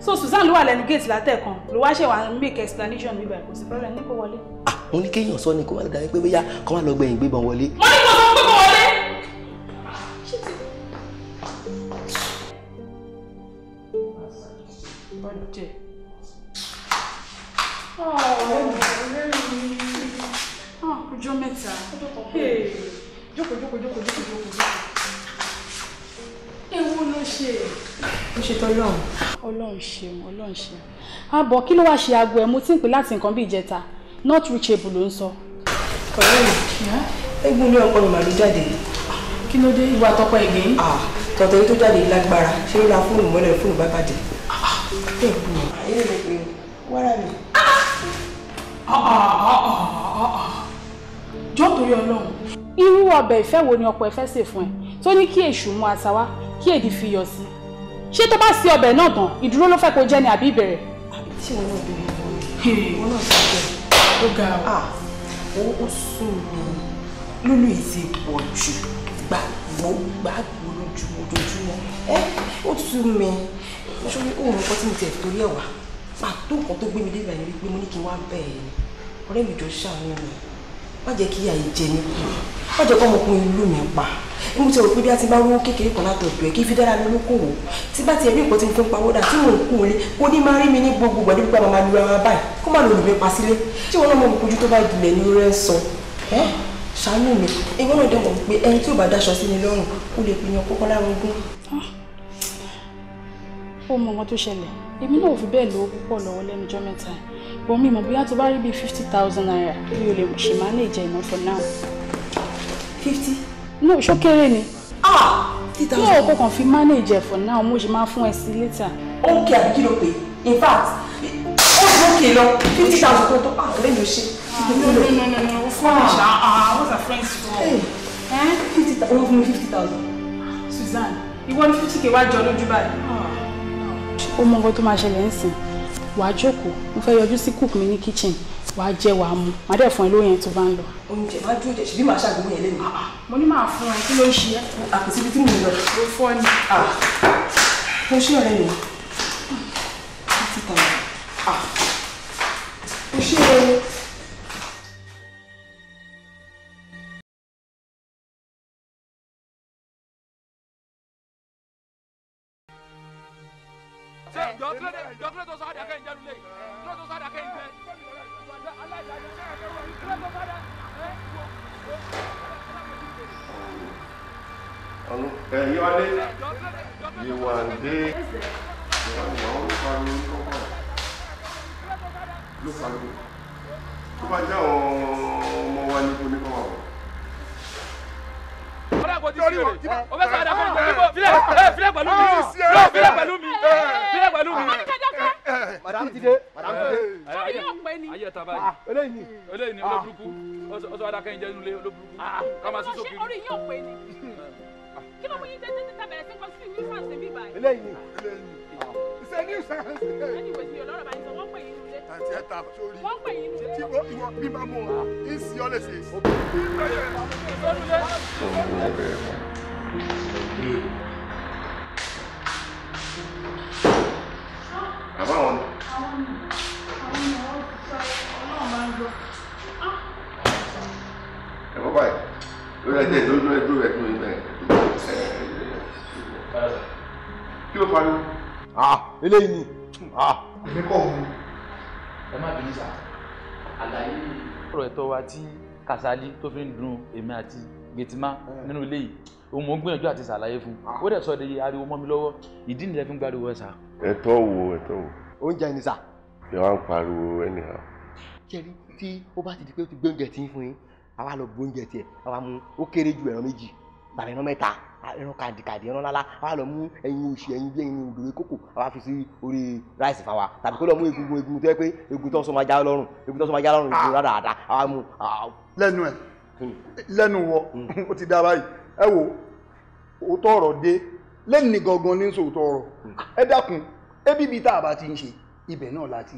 so Susan ló wà lẹ́nu gate látẹ̀kan ló wá ṣe wá make explanation mi báyìí kò sí problem ní kò wọlé.
ah mo ní kéèyàn sọ ni kò wá lè dàbí pé bóyá kó má lọ gbẹ̀yìn gbébọn wọlé. mo ní kò sọ pé kò
wọlé. ọjẹ ah, ọjọ́ mẹ́ta jókòó jókòó jókòó jókòó jókòó ewu ló ṣe ó ṣe tọlọ́run. ọlọ́run ṣeun ọlọ́run ṣeun àbọ̀ kí ló wáá ṣe aago ẹ̀ mo ti ń pè láti nǹkan bíi ìjẹta not reachable ló ń sọ. ọ̀rẹ́ mi eégún ilé ọkọ mi màlúù jáde kí ló dé ìwà tọpọ ẹgẹ yìí. tọ̀tọ̀ yìí tó jáde lágbára ṣé ó ra fóònù mọ́lẹ̀ fóònù bá bàjẹ́. ayé mi pé wàrà mi. jọ́ torí ọlọ́run. irú ọbẹ̀ ìfẹ́ wo ni ọkọ ẹ fẹ́ sè fún ẹ tó ní kí èṣù mú àtàwá kí èdè fi yọ sí ṣé tó bá sí ọbẹ̀ náà tán ìdúró ló fẹ́ kó jẹ́ ni àbí ìbẹ̀rẹ̀. tí wọn náà bèrè fún mi wọn náà sọ pé ó ga ah. ó sùn mí lólù èsì pọ̀ jù gbàgbó gbàgbó lójúmọ́ lójúmọ́ ẹ ó tú mi sórí òun kọ́ tí mo tẹ̀ torí ẹ̀ wá pàtó nǹkan tó gbé mi débẹ̀ ni wípé mo ní kí n wá bẹ́ẹ̀ ọ̀rẹ́ mi jọ ṣàánú mi má jẹ́ kí àyè jẹ mí kú má jẹ́ kọ́ ọmọkùnrin ìlú mi pa ní mo ti rò pé bí a ti bá rówó kékeré kan láti ọ̀dọ̀ ẹ̀ kí fi dára mi lókòwò tí bá ti ẹ̀rí nǹkan tí mo fi ń pawó dà tí mò ń kú lé kó ní máa rí mi ní gbogbo ìgbà nípa màmá lu ara báyìí kó má lò lù mí pa sílé tí wọn náà mọ̀ kojú tó bá ìdílé ní rẹ̀ sọ ẹ́ ṣàánú mi ìwọ náà dẹ̀ mọ̀ pé ẹni tí ò bá daṣọ sí ni lọ́rùn kó lè pinnu kọ́kọ́ lára ogún. ó mọ wọn tó ṣẹlẹ̀ èmi náà ò fi bẹ́ẹ̀ lówó púpọ̀ lọ́wọ́ lẹ́nu jọ́ bọ̀ me, mọ̀ bóyá to bá rí bíi fifty thousand naira You ò lè manage it for now. fifty. no ṣó okay, ni. ah fifty thousand. yóò kọkàn fi manage ẹ for now mo ṣe máa fún ẹ later. Okay, ń kí àbí pay. in fact ó ti ó kè lọ fifty thousand tó tó ah lè mi ah, no no no no no fún mi ah. Ah, ah what's our friends for. Eh? fifty thousand ó fún mi fifty thousand. Suzanne you want fifty k wá jọ lójú báyìí. ó mọ nǹkan tó máa ṣẹlẹ̀ ń sìn wàá jókòó mo fẹ́ yọjú sí cook mi ní kitchen wàá jẹ wàá mu màá dẹ̀ fún ẹ lóyún tó bá ń lọ. oúnjẹ máa dúró jẹ ṣèbí màá ṣàgbéwò yẹn lẹ́nu. Ah, ah. mo ní máa fún ẹ kí ló ń ṣe é. àpèsè ibi tí mo lọ. mo fọ́ ni. Ah. mo ṣe ọ̀rẹ́ mi. mo ṣe ọ̀rẹ́ mi.
jẹrùlẹ iná tó sáré akẹ́yìn fẹ́
ọlọ ẹ yíwáde yíwáde yíwáde àwọn olùfàmì lọ́wọ́ olùfàmì o o bẹ sọ
àdàkọ ìgbà mi bọ filẹ filẹ pẹ̀lú mi filẹ pẹ̀lú mi filẹ pẹ̀lú mi madame ti dé madame ti dé. ayé ọpẹ ni. ayé ọta báyìí. eléyìí ni eléyìí ni olóburúkú ah. ọsọ adakẹyìn jẹ nulẹ olóburúkú ah. kama soso kiri. orí yín ọpẹ ni
ah. kí ló mú yín tètè tètè bẹ̀rẹ̀ sí kọ sí ìwé france mi báyìí. eléyìí ni
eléyìí
ni ṣe ní ìṣe. ẹni ìwé ti ọlọ́rọ̀ báyìí sọ
wọ́n pè yín nulẹ̀. àti ẹ ta sórí. wọ́n pè yín nulẹ̀. tí wọ́n ìwọ bí máa
mú àbáwọn ni.
ẹ bọ́ báyìí ah, eléyìí ni. Ah. èmi kọ́ òun. ẹ má bínú sá àlàyé. ọ̀rọ̀ ẹ̀tọ́ wa tí Kàsálí tó fi ń dun èmi àti gètìmá eh. nínú ilé yìí òun mò ń gbìyànjú àti ṣàlàyé fún un ah. ó dẹ̀ sọ de ariwo mọ́ mi lọ́wọ́ ìdí nìyẹn fi ń gbádùn wẹ̀ sà.
ẹ̀tọ́ wo ẹ̀tọ́ wo. oúnjẹ ni sà. ẹ wá ń pariwo anyhow.
kẹrí tí ó bá ti di pé ó ti gbé oúnjẹ tí ń fún
yín àwa lọ bu oúnjẹ tiẹ̀ àwa mú ó kéré ju ẹran méjì tàbí ẹran mẹ́ta ẹran kàdìkàdì ẹran lálá àwa lọ mú ẹyin oṣù ẹyin bí ẹyin òdòdó kókò àwa fi sí orí ráìsì fáwa tàbí kó lọ mú egungun egungun tó yẹ pé egun tó sọ ma já lọ́rùn egun tó sọ ma já lọ́rùn egun rárá àdá àwa mú. lẹ́nu ẹ̀ lẹ́nu wọ o hmm. ti dá báyìí ẹ wo òótọ́ ọ̀rọ̀ dé lẹ́nu ní gangan ní sòótọ́ ọ̀rọ̀ hmm. ẹ dákun ẹbí bíi tá a bá ti ń ṣe ibẹ̀ náà la ti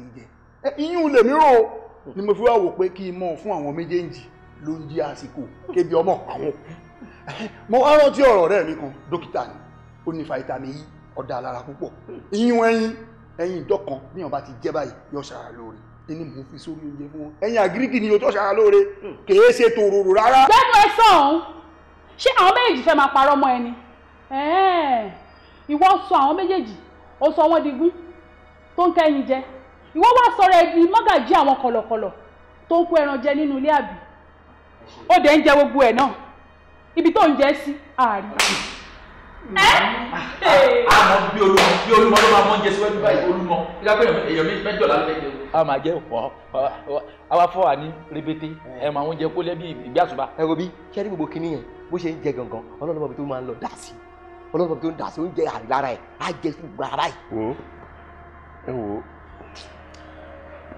iyún lèmi rò
hmm. ni mo fi wá wò pé kí n fún àwọn méjèèjì ló ń jí àsìkò kébi ọmọ àwọn mo wá rántí ọ̀rọ̀ rẹ̀ mi kan dókítà ni ó ní fàìtàmì yìí e, ọ̀dà alára púpọ̀ iyún ẹyin ẹyin ìdọ́kan bí wọn bá ti jẹ́ báyìí yọ ṣàrà lórí ni mò ń fi sórí oúnjẹ fún wọn ẹ̀yin àgíríkì ni o tó ṣara lóore hmm. kèé ṣe tòròrò rárá. gbẹ́nu
ẹ sọ̀hún ṣé àwọn méjèèjì fẹ́ máa parọ́ mọ́ ẹni ìwọ sọ àwọn méjèèjì ó sọ wọ́n digún tó ń kẹ́yìn jẹ ìwọ wá sọ̀rọ̀ ẹ di mọ́gàjí àwọn kọ̀lọ̀kọ̀lọ̀ tó ń kó ẹran jẹ nínú ilé àbí ó dẹ̀ ń jẹ gbogbo ẹ̀ náà ibi tó ń jẹ sí ààrí. àmọ́ hmm.
ah, ah, ah, bí olúmọ bí olúmọ ló máa mọ́ oúnjẹ síwájú báyìí olúmọ bí lápẹ́ èèyàn mẹ́jọ lálẹ́ jẹun a máa jẹ ọ àwa fọ àní rẹpẹtẹ ẹ máa oúnjẹ kó lẹbi ìgbé àsùbà. ẹ wo bí sẹ́ni gbogbo kìíní yẹn bó ṣe ń jẹ gangan ọlọ́run bọ̀bí tó máa ń lọ dà sí
ọlọ́run bọ̀bí tó ń dà sí oúnjẹ àrí lára ẹ̀ á jẹ sí gbogbo ara ẹ̀.
wo ẹ wo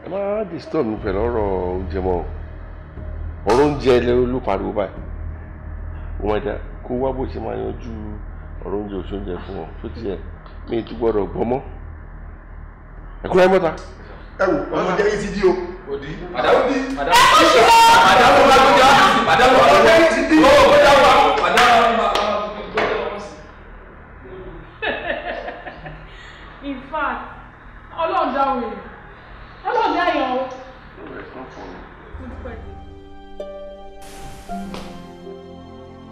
ẹ má disturb mi pẹ̀lú ọ̀rọ̀ oúnjẹ mọ́ ọ̀rọ̀ oúnjẹ ló pariwo báyìí wọ́n dá kó wá bó ṣe máa yanjú
ọ̀rọ̀ oúnjẹ òṣoúnjẹ fún ọ tó tiẹ̀ mi ì tún gbọ́dọ̀ gbọ́ mọ́ ẹ̀kúrẹ́ Ah. ẹ wò ọmọ jẹ́
yín ti di o. òdi àdáwò di àdáwò àdáwò bá gbọ́dọ̀ àdáwò ọmọ jẹ́ yín ti di o. ó dáwọ́ àdáwò bá
in fact ọlọ́run dá òye ọlọ́run dá èèyàn o.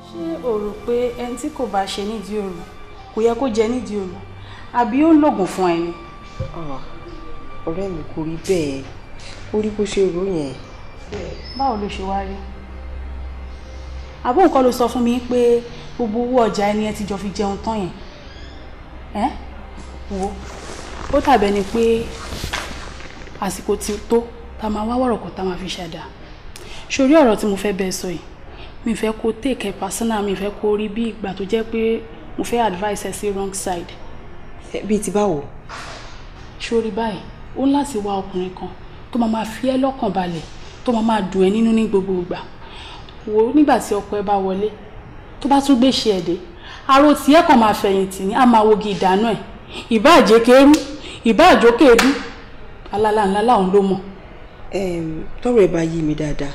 ṣé o rò pé ẹni tí kò bá ṣe nídìí òòrùn kò yẹ kó jẹ nídìí òòrùn àbí ó ń lògùn fún ẹni. Ah ọ̀rẹ́ mi kò rí bẹ́ẹ̀ ó rí bó ṣe rò yẹn. báwo ló ṣe wá rí àbó nǹkan ló sọ fún mi pé gbogbo owó ọjà ẹni ẹ ti jọ fi jẹun tán yẹn ẹ wo ó tàbí ẹni pé àsìkò ti tó tá a máa wá wọ̀rọ̀ tá a máa fi ṣàdá sórí ọ̀rọ̀ tí mo fẹ́ bẹ́ẹ̀ sọ yìí mi fẹ́ kó take ẹ̀ personal mi fẹ́ kó rí bí ìgbà tó jẹ́ pé mo fẹ́ advice ẹ sí wrong side. bíi ti báwo. sórí báyìí ó ń láti wá ọkùnrin kan tó máa máa fi ẹ́ lọ́kàn balẹ̀ tó máa máa dùn ẹ́ nínú ní gbogbo ìgbà wò ó nígbà tí ọkọ ẹ bá wọlé tó bá tún gbé ṣe ẹ̀dẹ́ aró tí ẹ̀ kàn máa fẹ̀yìntì ní a máa wogi ìdáná ẹ̀ ìbá àjẹkẹ́rú ìbá àjókèédú alálàńlá làwọn ló mọ. tọrọ ẹ bá yí mi dáadáa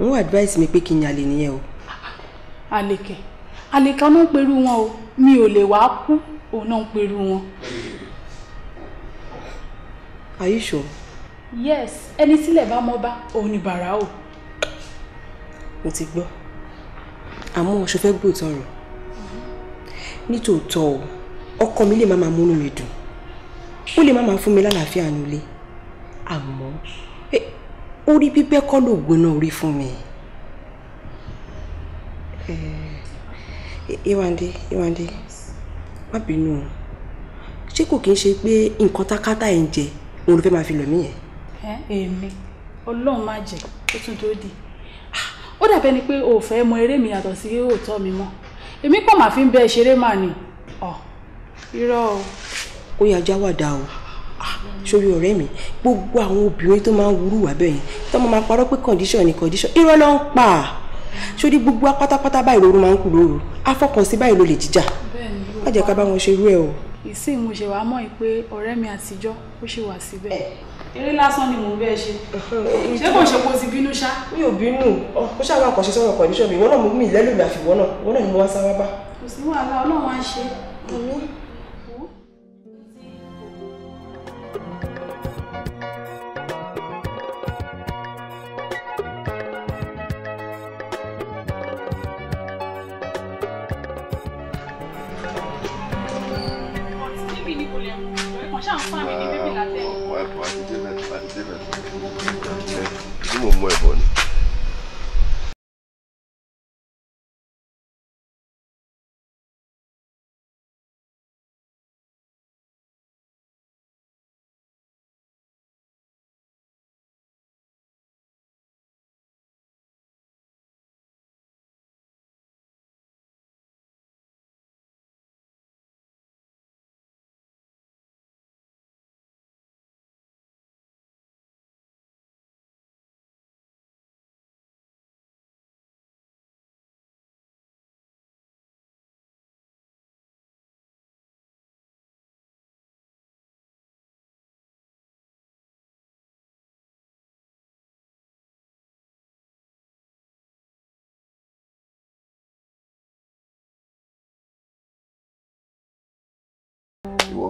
wọn advice mi pé kí n yàlè nìyẹn o. àlèkè àlèkè ọ̀nà ń perú wọn o mi ò lè wàá kú òun náà ń perú wọn Are you sure? Yes, Any sílẹ̀ ba mọ́ o ni bara o. Mo ti gbọ́. Àmọ́ ọ̀ṣọ́ fẹ́ gbòòtọ́ rẹ̀. Nítòótọ́ o, ọkọ mi lè má máa múnú mi dùn. Ó lè má máa fún mi lálàáfíà nulé. Àmọ́ orí bíbẹ́ kọ́ lóògùn náà rí fún mi. Ìwàndé Ìwàndé má bínú o. Ṣé kò kí ń ṣe pé nǹkan tákátá ẹ̀ ń jẹ? òun ló fẹ́ máa fi lẹ̀mí yẹn. ẹ èmi ọlọ́run má jẹ́ ó tún tó dì ah, ó dàbẹ́ ni pé o ò fẹ́ mọ eré mi yàtọ̀ sí òótọ́ mi mọ́ èmi pọ̀ máa fi ń bẹ ṣeré mà ni ọ irọ́ o. ó yà jáwàdà o ah, sórí ọ̀rẹ́ mi gbogbo àwọn obìnrin tó máa ń wúrú wà bẹ́ẹ̀ yẹn tó máa parọ́ pé condition ni condition irọ́ ló ń pa sórí gbogbo apátápátá báyìí lóru máa ń kú lóru afọkànsí báyìí ló lè jíjà má jẹ́ ká bá wọn ṣe irú ẹ̀ o ìsìn mo ṣe wàá mọ̀ pé ọ̀rẹ́ mi àtijọ́ ó ṣe wà síbẹ̀. Eh. eré lásán ni mò ń bẹ́ẹ̀ ṣe eh, ṣé kò ṣe kó ti bínú ṣá. mi ò bínú oh, ó ṣàwọn àkànṣe sọ̀rọ̀ pẹ̀lú ṣọ́ọ̀bù ìwọ náà mo mú ìlẹ́lùmí àfìwọ́ náà ìwọ náà ni mo wá sáwá bá. kò sí wàhálà ọlọ́run á ṣe.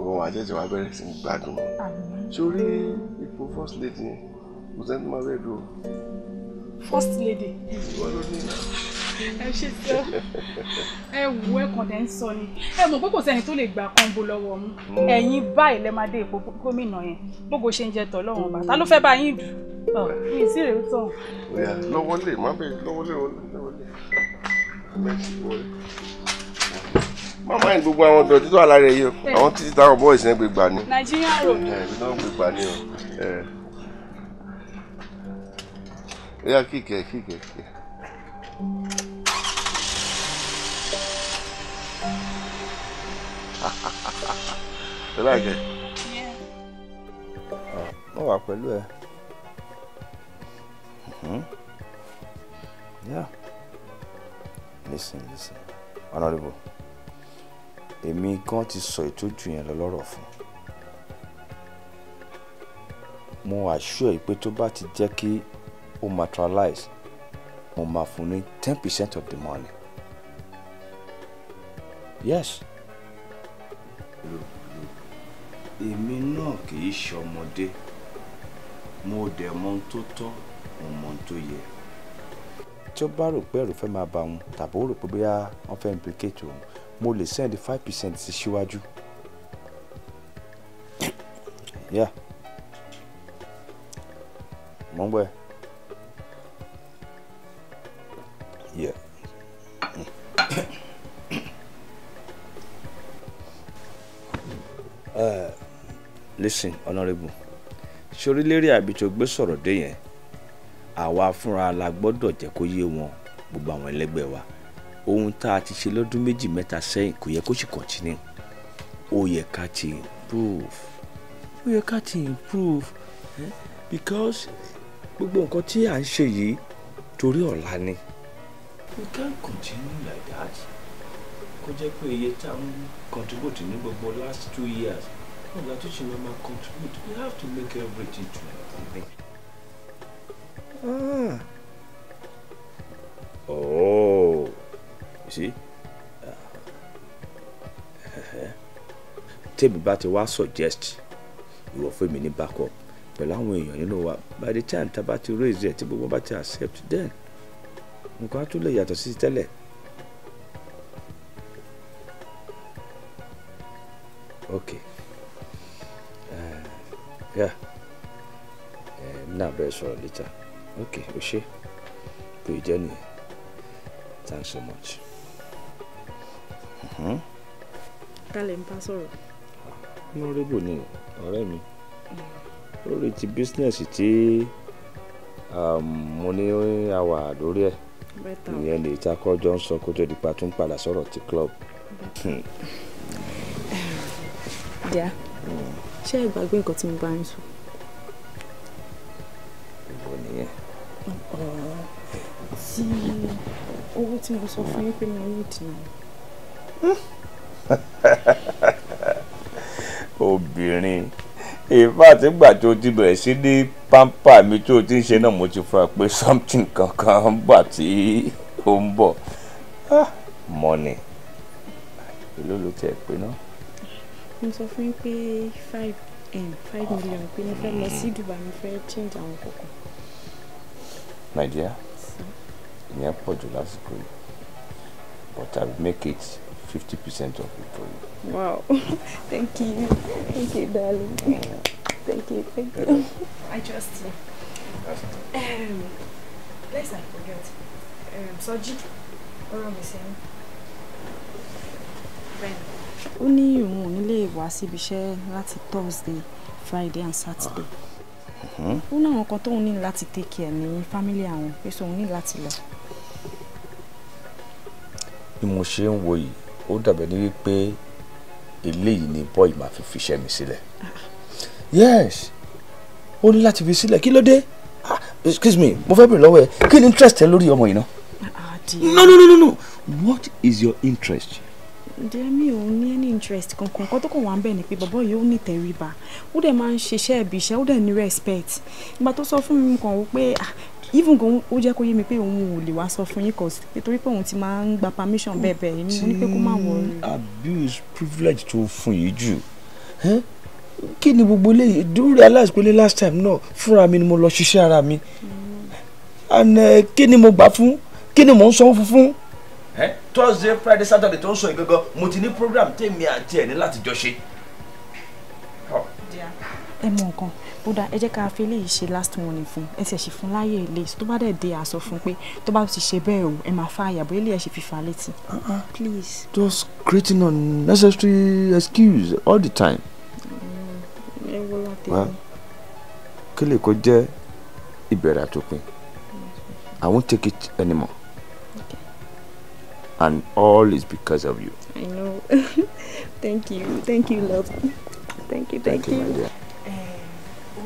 gan wà jẹ́jẹ́ wà bẹ̀rẹ̀ sí gbádùn sórí ipò first lady kò sẹ́ni máa bẹ́ẹ̀ dùn.
first lady. ìwọ ló ní ìlà. ẹ ṣe sọ ẹ wo ẹ kàn tẹ́ ń sọ ni ẹ mọ̀ pé kò sẹ́ni tó lè gbà kánbó lọ́wọ́ mú hmm. ẹ̀yin báyìí lẹ́ máa dé ipò gómìnà yẹn gbogbo ṣe ń jẹ tọ̀ lọ́wọ́n ọba ta ló fẹ́ bá yín dùn mí sí rèé tán.
lọ́wọ́ lè má bẹ́ẹ̀ lọ́wọ́ lè má máa ń gbogbo àwọn dọ̀tí tó wà lára yìí o àwọn títí táwọn boys yẹn gbé gbà ní. nàìjíríà rò. ẹ ibi tó ń gbé
gbà ní o. ó yá kíkẹ́ kíkẹ́ kíkẹ́. ṣe láìkẹ́. mo wà pẹ̀lú ẹ. Hmm. Yeah. Listen, listen. Honorable èmi gan ti sọ ìtọ́jú yẹn lọ lọ́rọ̀ fún mo àṣọ ẹ̀ pé tó bá ti jẹ́ kí ó materialize mo máa fún ní ten percent of the money yes. èmi náà kì í ṣe ọmọdé mo dẹ̀ mọ ohun tó tọ́ mo mọ ohun tó yẹ. tí ó bá rò pé ẹ̀rù fẹ́ máa bà òun tàbí ó rò pé bóyá wọ́n fẹ́ implicate òun mo lè send five percent sí síwájú yà mọ̀ ń gbọ́ ẹ yà. Uh, eh, listen honourable sori lérí àbí tó gbé sọ̀rọ̀ dé yẹn àwa fúnra la gbọ́dọ̀ jẹ́ kó yé wọn gbogbo àwọn ẹlẹgbẹ́ wa ohun tá a ti ṣe lọ́dún méjì mẹ́ta sẹ́yìn kò yẹ kó sì continue ó yẹ ká ti improve ó yẹ ká ti improve because gbogbo nǹkan tí à ń ṣe yìí torí ọ̀la ni. we can continue like that kó jẹ́ pé iye tá a ń contribute ní gbogbo last two years náà la tún ṣe máa ma contribute we have to make everything to happen. Ah! you see tèmi bá ti wá suggest you ìwọ me mi ní backup pẹ̀lú àwọn You know what? by the time Tabati raise it, tí gbogbo bá accept then nǹkan á to lè yàtọ̀ sí sister ok uh, yeah eh, náà bẹ́ẹ̀ sọ̀rọ̀ later ok o ṣe kò ì jẹ́ nìyẹn thanks so much
kálẹ̀ ń bá sọ̀rọ̀.
honorable ni ọ̀rẹ́ mi mm. lórí ti bísínẹ́sì tí um, mo ní àwà lórí ẹ̀ ìyẹn lè takọ́jọ́ ń sọ kó tó di pa tún padà sọ̀rọ̀ ti club. Hmm.
díà hmm. ṣé ẹ gbàgbé nǹkan tí mo
bá ń sọ. ìbò nìyẹn. tí
owó tí mo sọ fún yín pé mo ní ìdìnnà.
obìnrin ìfà tí gbà tó ti bẹ̀rẹ̀ sí ní pampa mi tó ti ń ṣe náà mo ti fura pé something kankan ń bà tí ó ń bọ̀ ah, money èló ló tiẹ̀ pé náà.
mo sọ fún yín pé five um, five million pé mo fẹ́ lọ sí hmm. Dubai mo fẹ́ change àwọn kọ̀ọ̀kan.
Nàìjíríà ìyẹn pọ̀ jù lásìkò yìí but I will make it fifty percent of it for
you. Wow, thank you, thank you, darling. Thank you, thank you. I trust you. Um, let's I forget, um, Soji, what am I saying? ó ní òun ò ní lè wá síbi iṣẹ́ láti Thursday Friday and Saturday uh-huh. ó ní àwọn kan tóun ní láti take care ní family àwọn pé sóun ní láti lọ.
bí mo ṣe ń wo yìí ó dàbẹ̀ ní wípé eléyìí ni boy máa fi fiṣẹ́ mi sílẹ̀ yes ó ní láti fi sílẹ̀ kí ló dé ah, excuse me mo fẹ́ bèrè lọ́wọ́ ẹ kí ni interest ẹ lórí ọmọ yìí ná. Ah, no no no no no what is your interest.
ǹjẹ́ mi ò ní any interest kankan kan tó kàn wá ń bẹ̀ ni pé bàbá yìí ó ní ìtẹríba ó dẹ̀ máa ń ṣiṣẹ́ ibi iṣẹ́ ó dẹ̀ ní respect ìgbà tó sọ fún mi kàn wọ́n pé ah, even gan ó jẹ́ kó yé mi pé òun ò lè wá sọ fún yín cos nítorí pé òun ti máa ń gba permission bẹ́ẹ̀ bẹ́ẹ̀ ni mo ní pé kó má worry.
abuse privilege tó fún yìí jù kí ni gbogbo eléyìí do realize pé last time náà fúnra mi ni mo lọ ṣiṣẹ́ ara mi and eh, kí ni mo gbà fún kí ni mo ń sanwó fún fún. thursday friday saturday tó ń sọ yìí gangan mo ti ní program tèmi àti ẹ̀ ní láti jọ ṣe.
ẹ mọ nǹkan bódà ẹ jẹ́ ká fi eléyìí ṣe last morning fún ẹ sì ṣe fún láyè ilé tó bá dẹ̀ dé àsọ fún pé tó bá ti ṣe bẹ́ẹ̀ o ẹ máa fa àyàbọ̀ ilé ẹ̀ ṣe fífa létí. Uh-uh. please.
just creating unnecessary excuse all the time. Mm, ẹ wo láti ẹ. kí lè kó jẹ́ ìbẹ̀rẹ̀ àtòpin I won't take it anymore okay. and all is because of you.
I know. thank you thank you love thank you thank, thank you. you.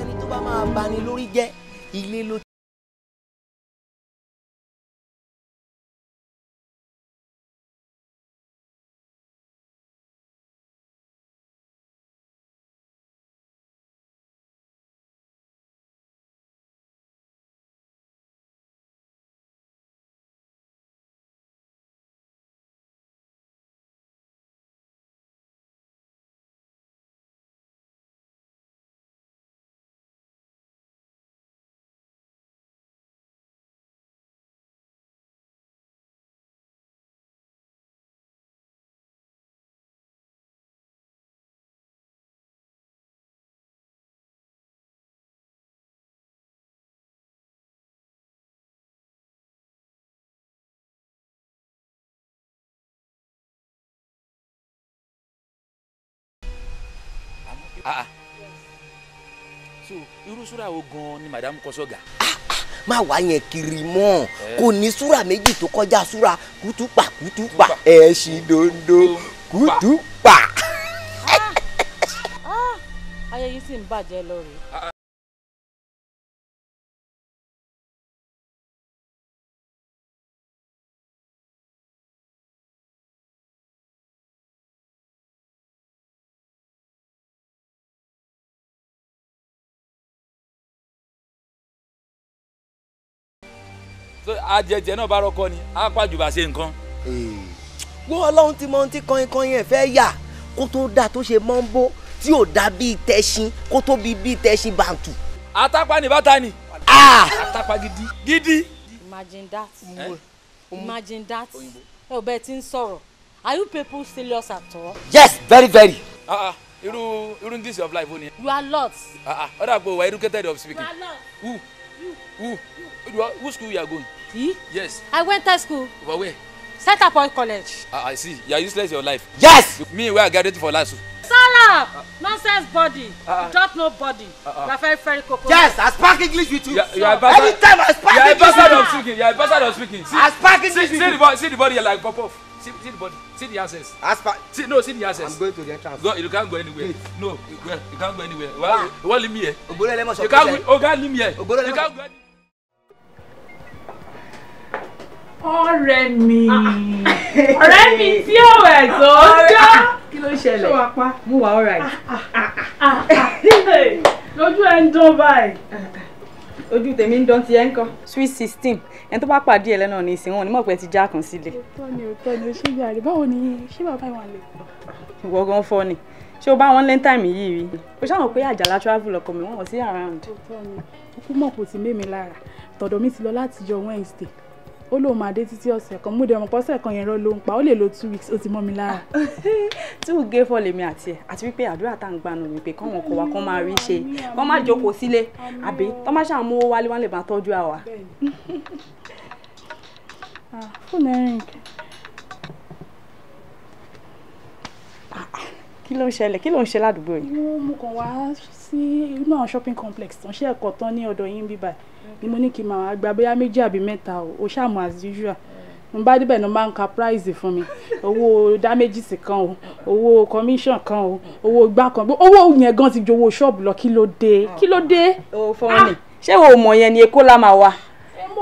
ẹni tó bá máa bani lórí jẹ́ ilé ló
Ah, ah. so irú súrà wo gan ni madam kọ sọgà. Ah,
má wá yẹn kiri mọ́ eh. kò ní súrà méjì tó kọjá súrà kùtùpà kùtùpà ẹ̀sìn dondo kùtùpà.
ayé yìí sì ń bàjẹ́ lórí.
ajẹjẹ náà bá rọkọ ni á pàjùbà ṣe nǹkan.
wọ́n ọlọ́run ti mọ ohun tí kọ́ńkọ́ń yẹn fẹ́ yà kó tó dà tó ṣe mọ́ ń bó tí ò dà bíi tẹṣin kó tó bí bíi tẹṣin bàǹtù.
atapa ni bàtà ni. Ah! atapa gidi gidi. imagine that eh? imagine
that ẹ ò bẹ́ẹ̀ ti ń sọ̀rọ̀ are you people serious at all.
yes very very. Uh-uh irú irú this of life o you are lost. ah ah ọ̀dà àpò wa educated of speaking. you are lost. who who who school you are going. E? Yes.
I went to school. For where? Center Point College.
Uh, I see. You are useless your life. Yes! Me, where I graduated for last.
Sarah! Uh, Nonsense body. Uh, ah, Drop ah. no body. Uh, uh. You are very, very cocoa. Yes, I
spark English with you. You are, you are a bastard. I spark English. You are a bastard of speaking. You are a bastard of speaking. See, I spark English see, with see The body, You are like pop off. See, see the body. See the answers. I spark. See, no, see the answers. I'm going to the entrance. Go, you can't go anywhere. Please. No, you, you can't go anywhere. Why? You won't leave me here. You can't, oh, God, leave here. You can't go anywhere. ọ̀rẹ́
mi ah, ah. ọ̀rẹ́ mi tí ò wẹ̀ tó jọ ah, kí ló ṣẹlẹ̀ mo wà ọ̀rà yìí lójú ẹ ń dán báyìí ojú tèmi ń dán ti ẹ ń kan. sweet sixteen ẹni tó bá pàdé ẹ lẹ́nà ní ìsìn wọn ni mọ̀ pé ti já kan sílẹ̀. òótọ́ ni òótọ́ ni ṣé ìyá rẹ̀ báwo ni ṣé bàbá ìwà lè pọ̀. ìwọ gan fọ ni ṣé o bá wọn lẹ́ńtàìmì yìí rí o ṣàwọn pé àjàlá travel ọkọ mi wọn wọ sí around. òótọ́ ni ikú mọ̀ kò sí mẹ́mi lára tọ̀dọ̀ mi ti lọ láti jọ Wednesday ó lóun máa dé títí ọ̀sẹ̀ kan mú dẹ̀rùn pọ́sẹ̀ kan yẹn rọ́ ló ń pa ó lè lo two weeks ó ti mọ́ mi lára. tí o gé fọ́ lèmi àti ẹ̀ àti wípé àdúrà tá à ń gbà nù mí pé káwọn ọkọ wa kán máa rí ṣe kán má jókòó sílé àbí tán má ṣàmú owó wálé wọn lè máa tọ́jú àwa. Ah, fóònù ẹ̀rín kẹ́. Ah, kí ló ń ṣẹlẹ̀ kí ló ń ṣe ládùúgbò yìí. mo kàn wá sí inú àwọn shopping complex tán ṣe ẹ̀kọ́ tán ní ọ̀dọ̀ yín bíbá ni mo ní kí n máa gba bóyá méjì àbí mẹ́ta o ṣàmù as usual mm. mo bá débẹ̀ ló máa ń ka price fún mi owó damages kan o owó commission kan o owó gbá kan owó yẹn gan ti ju owó ṣọ́ọ̀bù lọ kí ló dé kí ló dé. o fọwọ́n ni ṣé o mọ̀ yẹn ni èkó la máa wà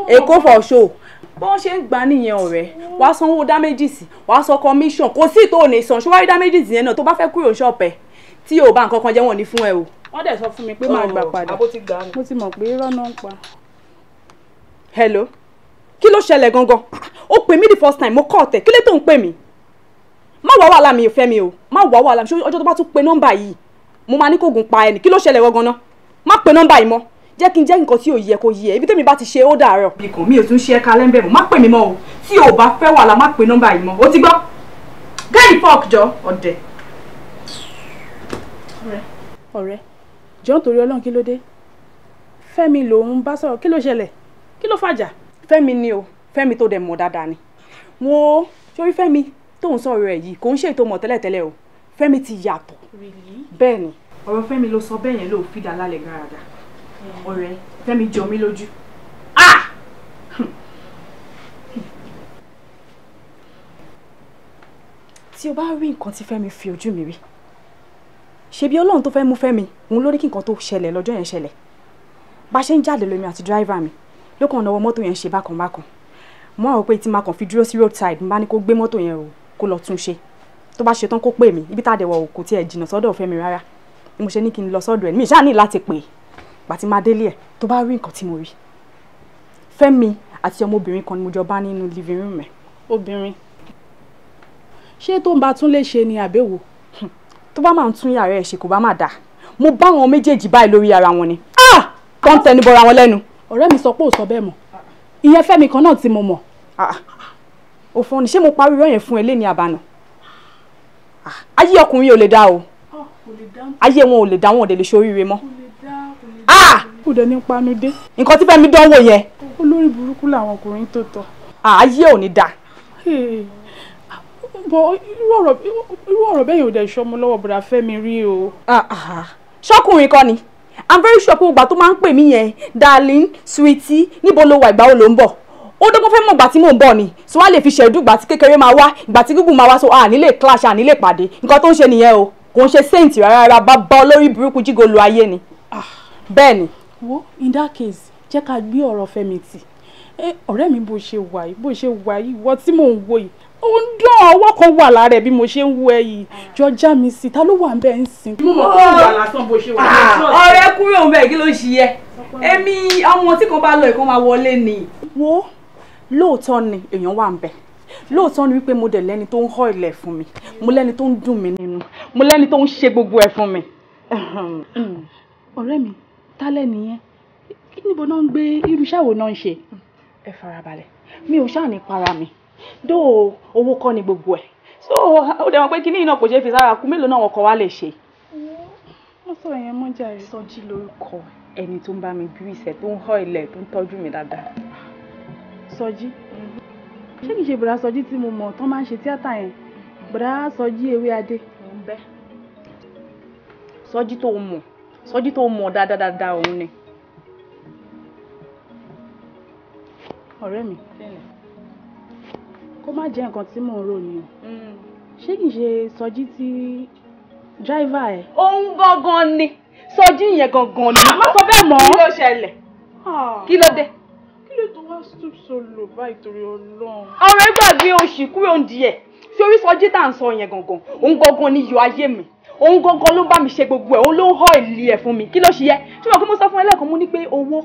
èkó for show bó ṣe ń gbà nìyẹn ọ̀rẹ́ wàá sanwó damages wàá sọ commission kò sí ìtò òní san ṣùgbọ́n damages yẹn náà tó bá fẹ́ kúrò ṣọ́ọ̀pẹ̀ tí o bá nǹkan kan jẹ́ wọ́n ní fún ẹ o wọ́n dẹ̀ sọ fún mi pé máa gbà oh, padà mo ti mọ̀ pé rọ́nà ń pa. hello kí ló ṣẹlẹ̀ gangan ó pè mí the first time mo kọ́ ọ̀tẹ̀ kí ló tó ń pè mí má wá wàhálà mi ìfẹ́ mi o má wá wàhálà mi ṣé ọjọ́ tó bá tún pe nọ́mbà yìí mo máa ní kó gun pa ẹnì kí ló ṣẹlẹ̀ gangan náà má pe nọ́mbà yìí mọ́ jẹ́ kí n jẹ́ nǹkan tí ò yẹ kó yẹ ibi tẹ́mi bá ti ṣe ó dàárọ̀. bìkan mi ò tún ṣe ẹ̀ka lẹ́ńbẹ̀ mọ́ má pè mí mọ́ o tí o bá fẹ́ wàhálà má pe nọ́mbà yìí mọ́ o ti gbọ́ gẹ́ẹ̀lì fọ́ọ̀kì jọ ọ̀dẹ̀. ọ̀rẹ́ ọ̀rẹ́ jọ́n torí ọlọ́run kí ló dé fẹ́mi lòun bá sọ̀rọ̀ kí ló ṣẹlẹ̀ kí ló fàjà fẹ́mi ni o fẹ́mi tó dẹ̀ mọ̀ dáadáa ni wo sórí fẹ́mi tóun sọ̀rọ̀ ẹ̀ yìí kò ń ṣètò mọ̀ tẹ́lẹ̀tẹ́lẹ̀ o fẹ́mi ti yàtọ̀ bẹ́ẹ̀ ni. ọ̀rọ̀ fẹ́mi ló sọ bẹ́ẹ̀ yẹn ló fi dà lálẹ́ gàràgà hmm. ọ̀rẹ́ fẹ́mi jọ mí lójú. Ah! tí o bá rí nǹkan tí fẹ́mi fi ojú mi rí ṣebí ọlọ́run tó fẹ́ mú fẹ́ mi òun lórí kí nǹkan tó ṣẹlẹ̀ lọ́jọ́ yẹn ṣẹlẹ̀ bá ṣe ń jáde lómi àti dírìvà mi ló kàn náwó mọ́tò yẹn ṣe bákan bákan mo àwọn pé tí máa kàn fi dúró sí roadside mo bá ní kó gbé mọ́tò yẹn o kó lọ tún ṣe tó bá ṣe kó pè mí ibi tá a dẹ̀ wọ̀ kò tiẹ̀ jìnnà sọ́dọ̀ ọ̀fẹ́ mi rárá ni mo ṣe ní kí n lọ sọ́dọ̀ ẹ̀ mi ṣáà ní láti pè é gbàtí máa délé ẹ̀ tó bá rí nǹkan tí mo rí Fẹ́mi àti ọmọbìnrin kan ni mo jọ bá nínú living room ẹ̀ obìnrin ṣé tó ń ba Túnlé ṣe ni àbẹ̀wò tó bá máa ń tún yàrá ẹ̀ ṣe kò bá máa dà mo bá àwọn méjèèjì báyìí lórí ara wọn ni ah! tó ń tẹnu bọra wọn lẹ́nu. ọ̀rẹ́ mi sọ pé ò sọ bẹ́ẹ̀ mọ̀ ìyẹn fẹ́mi kan náà tí mo mọ̀ ah! òfò ni ṣé mo parí irọ́ yẹn fún ẹ lé ní àbànà ah! ayé ọkùnrin ò lè dá o ayé wọn ò lè dá wọn ò lè ṣoríire mọ́ kù dẹ ní panudé. nǹkan tí fẹ́mi dánwò yẹn. olórí burúkú làwọn ọkùnrin tó tọ. ààyè ò ní dáa bọ irú ọ̀rọ̀ bẹ́ẹ̀ yóò dẹ̀ ṣọmọ lọ́wọ́ bọ̀dà fẹ́mi rí o. Ah, ah, ah. ṣọkùnrin kan ni i'm very sure pé ìgbà tó máa ń pè mí yẹn darling sweetie níbo ló wà ìgbà wo ló ń bọ̀ ó dọ́gbọ́n fẹ́ mọ̀ ìgbà tí mò ń bọ̀ ni so wá lè fi ṣẹ̀dú ìgbà tí kékeré máa wá ìgbà tí gígùn máa wá so àní lè clash àní lè pàdé nǹkan tó ń ṣe nìyẹn o kò ń ṣe saint rárá rárá bàbá olórí burúkú jígolo ayé ni. bẹ́ẹ̀ ni. wo in that case jẹ́ ká gbé ọ̀rọ̀ fẹ́mi tì ọ̀rẹ́ mi bó ṣe wà yìí bó ṣe wà yìí ìwọ tí mò ń wo yìí ó ń dán ọwọ́ kan wà lára ẹ̀ bí mo ṣe ń wú ẹ yìí jọ já mi sí ta ló wà ń bẹ ń sìn. mo mọ̀ kó wà lásán bó ṣe wà lásán. Ah, ọ̀rẹ́ kúrò ń bẹ kí ló ṣe yẹ èmi ọmọ tí kan bá lọ ìkan máa wọlé ni. wo lóòótọ́ ni èèyàn wà ń bẹ lóòótọ́ ni wípé mo dẹ̀ lẹ́ni tó ń họ́ ilẹ̀ fún mi mo lẹ́ni tó ń dùn mí nínú mo lẹ́ni tó ń ṣe gbogbo ẹ̀ fún mi. ọ̀rẹ́ mi tálẹ̀ nìyẹn kí níbo náà ń gbé irú náà ń ṣe. ẹ farabalẹ̀ mi ò ṣáà para mi do owó kọ́ ni gbogbo ẹ̀ so ó dẹ̀ mọ̀ pé kinní náà kò ṣeé fi sára kú mélòó náà wọn kọ́ wá lè ṣe. wọ́n sọ yẹn mọ́jà rẹ̀ sọ́jí lórúkọ ẹni tó ń bá mi bí ìṣẹ́ tó ń họ́ ilẹ̀ tó ń tọ́jú mi dáadáa. sọjí ṣé kìí ṣe bùrà sọjí tí mo mọ̀ tán máa ń ṣe tíátà yẹn bùrà sọjí ewé adé. sọjí tó mọ̀ sọjí tó mọ̀ dáadáa òun ni. ọ̀rẹ́ mi kó má jẹ́ nǹkan tí mò ń rò ni o hmm. ṣé kìí ṣe sọjí tí dráìvà ẹ̀. òun gangan ni sọjí yẹn gangan ni. má sọ bẹ́ẹ̀ mọ́. kí ló ṣẹlẹ̀ ah. kí ló dé. kí ló tó wá stoop so low báyìí torí ọlọ́run. ọ̀rẹ́ gbàgbé oṣù kúrò ń di ẹ̀ sórí sọjí tá à ń sọ yẹn gangan òun gangan ni yọ ayé mi òun gangan ló bá mi ṣe gbogbo ẹ̀ òun ló ń họ ìlì ẹ̀ fún mi kí ló ṣe yẹ tí mo kí mo sọ fún ẹlẹ́kùn mú ní pé owó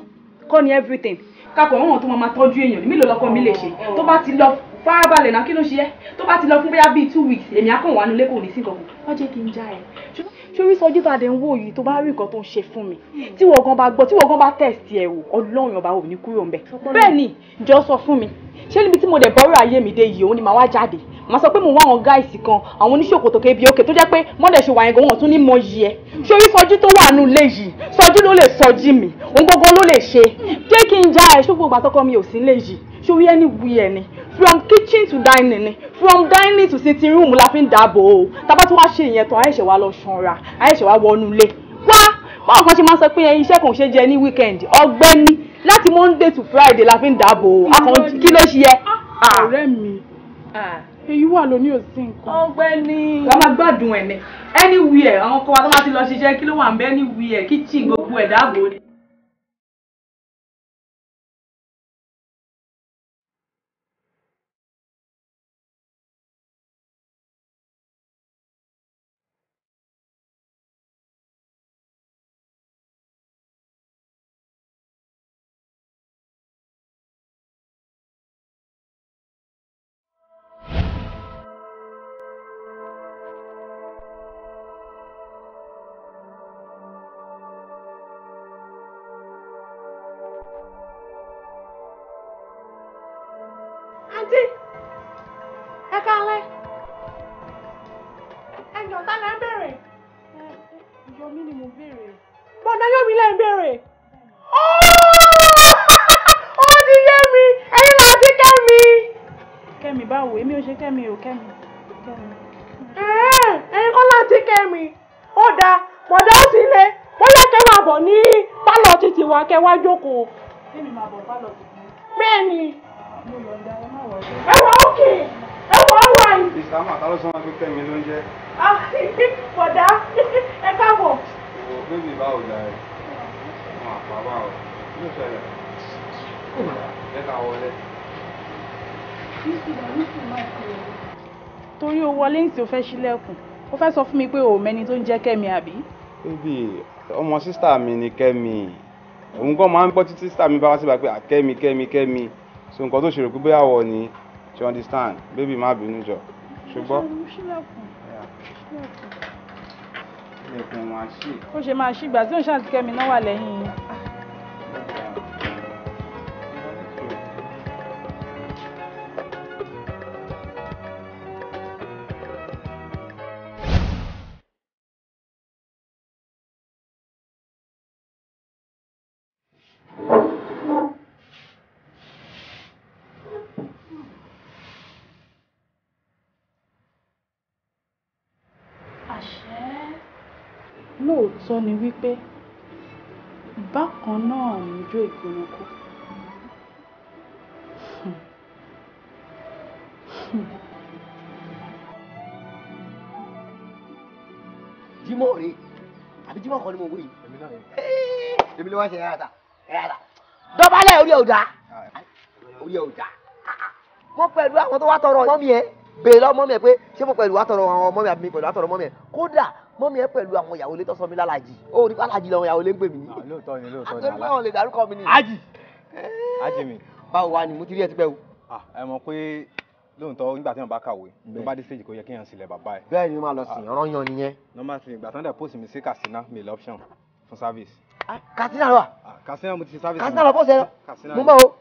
kọ́ ni everything kakọ̀ wọn tó máa tọ́jú èèyàn mélòó lọ́kọ mi lè ṣe tó bá ti lọ farabalẹ̀ náà kí ló ṣe ẹ́ tó bá ti lọ fún bóyá bíi two weeks èmi á kàn wá nulẹ̀ kò ní sí nǹkan kan wọ́n jẹ́ kí n já ẹ̀. sórí sọjú tá a dẹ̀ ń wò yìí tó bá rí nǹkan tó ń ṣe fún mi tí wọ́n gan bá gbọ́ tí wọ́n gan bá tẹ̀sí ẹ̀ wò ọlọ́run ọba ò ní kúrò ńbẹ̀. bẹ́ẹ̀ ni jọ sọ fún mi ṣé níbi tí mo dẹ̀ bọ́rọ̀ ayé mi dé yìí òun ni màá wá jáde màá sọ pé mo wá àwọn gáìsì kan àwọn oníṣòkòtò kébi òkè tó jẹ́ pé mọ́dẹ̀ ṣe wà yẹn gan wọn tún ní mọ yìí ẹ sórí sọjú tó wà nù lé yìí sọjú ló lè sọjí mi òun gbogbo ló lè ṣe jẹ́ kí n já ẹ ṣùgbọ́n ìgbà tọkọ mi ò sí lé yìí sórí ẹni wí ẹni from kitchen to dining from dining to sitting room la fi ń dàbò o tábà tí wàá ṣe ìyẹn tán àyẹ̀ṣẹ̀ wa lọ ṣanra àyẹ̀ṣẹ̀ wa wọnú ilé wá báwọn kan ṣe máa ń sọ pé iṣẹ́ kan ò ṣe jẹ ní weekend ọgbẹ́ni láti monday to friday la fi ń dàbò o akàn kí ló ṣe yẹ. Ah, ah. ọ̀rẹ́ mi ah. èyí wà lóní òsín nǹkan. ọgbẹ́ni. wọ́n máa gbádùn ẹ̀ ní anywhere àwọn ọkọ wa tó máa ti lọ ṣiṣẹ́ kí ló wà ń bẹ́ẹ̀ anywhere kitchen gbogbo ẹ̀ dáàbò ni. kẹ́mi kẹ́mi. ẹyin kọ́lá ti kẹ́mi ó dáa bọ̀dá ó ti lé bóyá kẹ́ máa bọ̀ ní pálọ̀ títí wa kẹ́ wá jókòó. kíni máa bọ̀ pálọ̀ títí. bẹ́ẹ̀ ni. ẹ wọ
òkè ẹ wọ ọ̀rọ̀ àyè. ìsàmù àtàlọ́ sọ wọn pé kẹ́mi ló ń jẹ́.
bọ̀dá ẹ káàbọ̀.
o bébì báwo la ẹ wọn àpá báwo yóò ṣẹlẹ̀ ẹ ká wọlé. Thank
torí o wọlé ní tí o fẹ́ ṣílẹ̀kùn o fẹ́ sọ fún mi pé o mẹ́ni tó ń jẹ́ kẹ́mi àbí.
bébì ọmọ sísá mi ni kẹ́mi òun gan máa ń gbọ́ títí sísá mi bá wá síbà pé àkẹ́mi kẹ́mi kẹ́mi so nǹkan tó ṣe rò pé bóyá wọ ni you understand Baby, má bínú jọ ṣùgbọ́n.
ó ṣe máa ṣí ìgbà tí òun ṣàtìkẹ́mi náà wà lẹ́yìn yìí.
Ah.
sọ ni wípé bákan náà níjó ìgbónúkú.
Jímọ̀ rè àbí Jímọ̀ kan ni mo wé yìí. Èmi náà yẹn. Èmi ló wá ṣe ẹ̀yà ta
ẹ̀yà ta. Dọ̀bálẹ̀ orí ọ̀dà. Orí ọ̀dà. Mo pẹ̀lú àwọn
tó wá tọrọ mọ́mí ẹ̀ bèèrè lọ́wọ́ mọ́mí ẹ̀ pé ṣé mo pẹ̀lú wá tọrọ àwọn mọ́mí àbí mi pẹ̀lú wá tọrọ mọ́mí ẹ̀ kódà mọ́mí ẹ pẹ̀lú àwọn ìyàwó ilé tó sọ lálàjì ó ní alájì làwọn ìyàwó ilé ń pè mí. Ah, lóòótọ́ ni lóòótọ́ ni àlá àtẹnudọ́ àwọn lè dárúkọ mi ni. ájì ájì eh. mi. báwo wá ni mo ti rí ẹ ti pẹ́ o. Ah, ẹ mọ̀ pé lóòótọ́ nígbà tí wọ́n bá kàwé ló bá dé stage kó yẹ kéèyàn sílẹ̀ bàbá ẹ̀. bẹ́ẹ̀ ni máa lọ ah. sìn ọ̀rọ̀ yan nìyẹn. normal thing ìgbà tí dẹ̀ post mi sí Katsina mail option fún service. Katsina lọ wa. Katsina mo ti ṣe
service. Katsina lọ bọ́sẹ̀ lọ. mo máa
o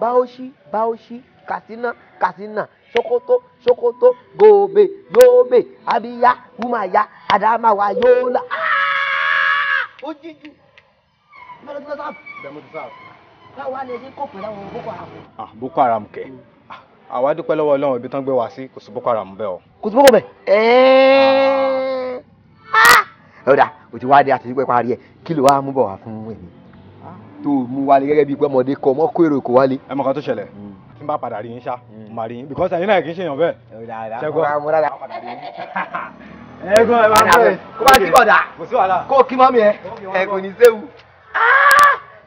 Bauchi Bauchi Katsina Katsina Sokoto Sokoto Gombe Yobe Abiya Umaya Adamawa
Yola. Ah!
Ojiju. Mẹ́rin tó sáà. Bẹ̀rù tó sáà. Báwo a lè ṣe kó pẹ̀lú Boko Haram?
Ah Boko Haram kẹ̀. Ah, àwa dúpẹ́
lọ́wọ́ Ọlọ́run ibi tán gbé wa si kò sí Boko Haram be o. Kò sí Boko ah. ah Ọ̀dà o ti wá dé àti pípẹ́ parí ẹ̀ kí ló wá mú bọ̀ wá fún èmi? Tó o mú wálé gẹ́gẹ́ bíi pé ọmọdé kọ ọmọ kó èrò kò wálé. Ẹ mọ̀ kan tó ṣẹlẹ̀ hmm. tí n bá padà rí yín ṣá, hmm. màá rí yín because
ẹ̀yin náà kì í ṣèyàn bẹ́ẹ̀. Ṣẹ́gun.
ẹ̀gbọ́n ẹ máa ń bẹ̀rẹ̀ kó bá jí bọ̀dà kó kí mọ́mí ẹ ẹ kò ní séwu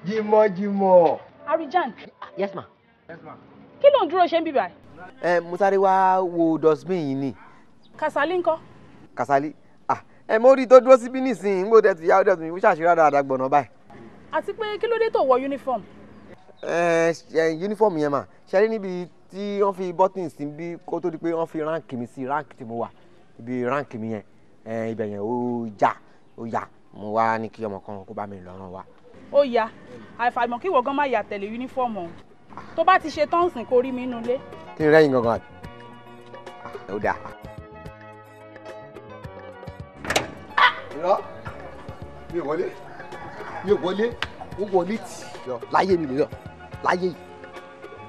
jimọ ah! jimọ. Arijan. yes ma. yes
ma. kí ló ń dúró ṣe ń bíbà.
ẹ mo sáré wá wo dustbin yìí ni. Kasali ńkọ́. Kasali ah ẹ mo rí i tó dúró síbí nísìnyí ń gbọ́dọ̀ ti yá ọdọ̀ mi ó ṣàṣírà dáadáa gbọ̀nà báyìí.
àti pé kí ló dé tó wọ uniform.
ẹ ẹ uniform yẹn mà ṣe rí níbi tí wọ́n fi button sí bí kó tó di pé wọ́n fi ránkì mi sí ránkì tí mo wà ibi rank mi yẹn eh, ibẹ̀ yẹn ó já ó yá mo wá ní kí ọmọ kan kó bá mi lọ́rùn wá.
ó yá àìfàìmọ̀ kí ìwọ gan má yà tẹ̀lé yúnífọ̀mù ọ̀hún tó bá ti ṣe tán sìn kó rí mi nínú ilé.
kí n rẹ́yìn gangan àbí ó dáa. irọ́ mi ò wọlé mi ò wọlé ó wọlé tì lọ láyé mi lọ láyé yìí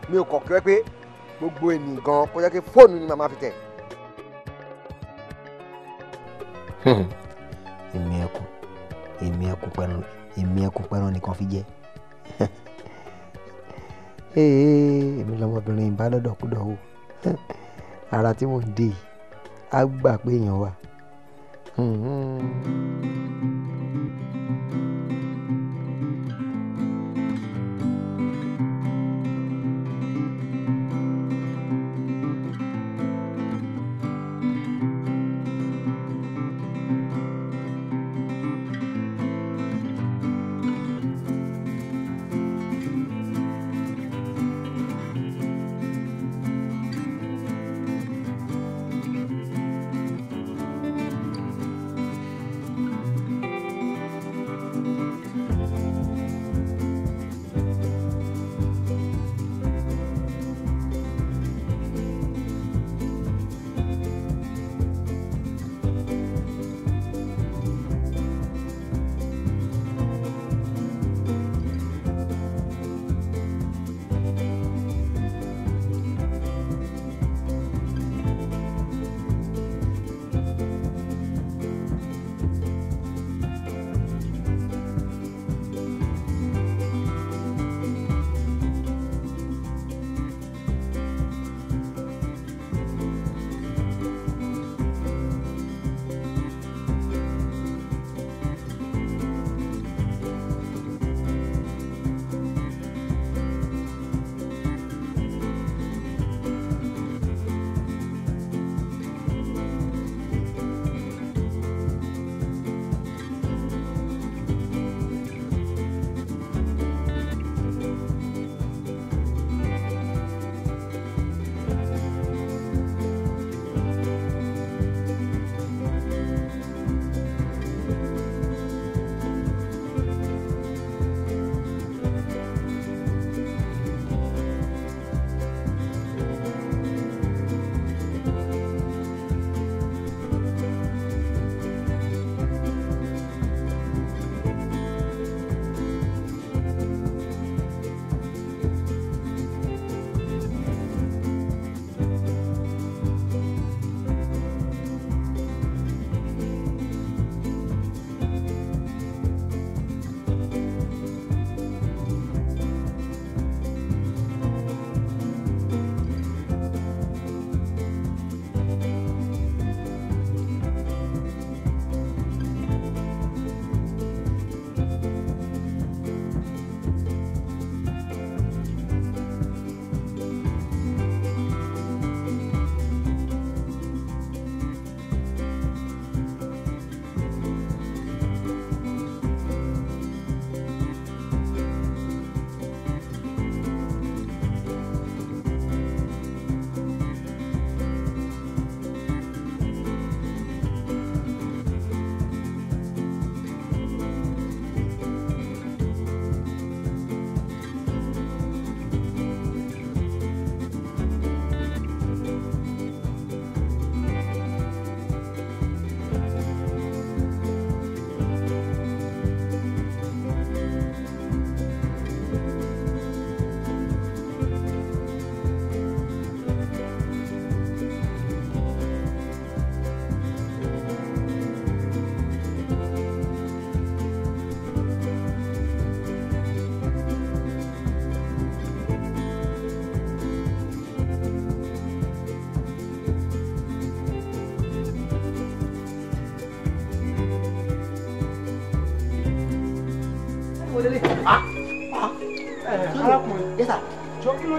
mi ò kọ̀ kí wọ́n pé gbogbo ènìyàn gan kó jẹ́ kí fóònù ni màmá fi tẹ̀. èmi hmm. ẹkùn èmi ẹkùn pẹ̀lú èmi ẹkùn pẹ̀lú nìkan fi jẹ èmi lọmọbìnrin o ara tí mo dé agbà pé èèyàn wà. Hmm, hmm.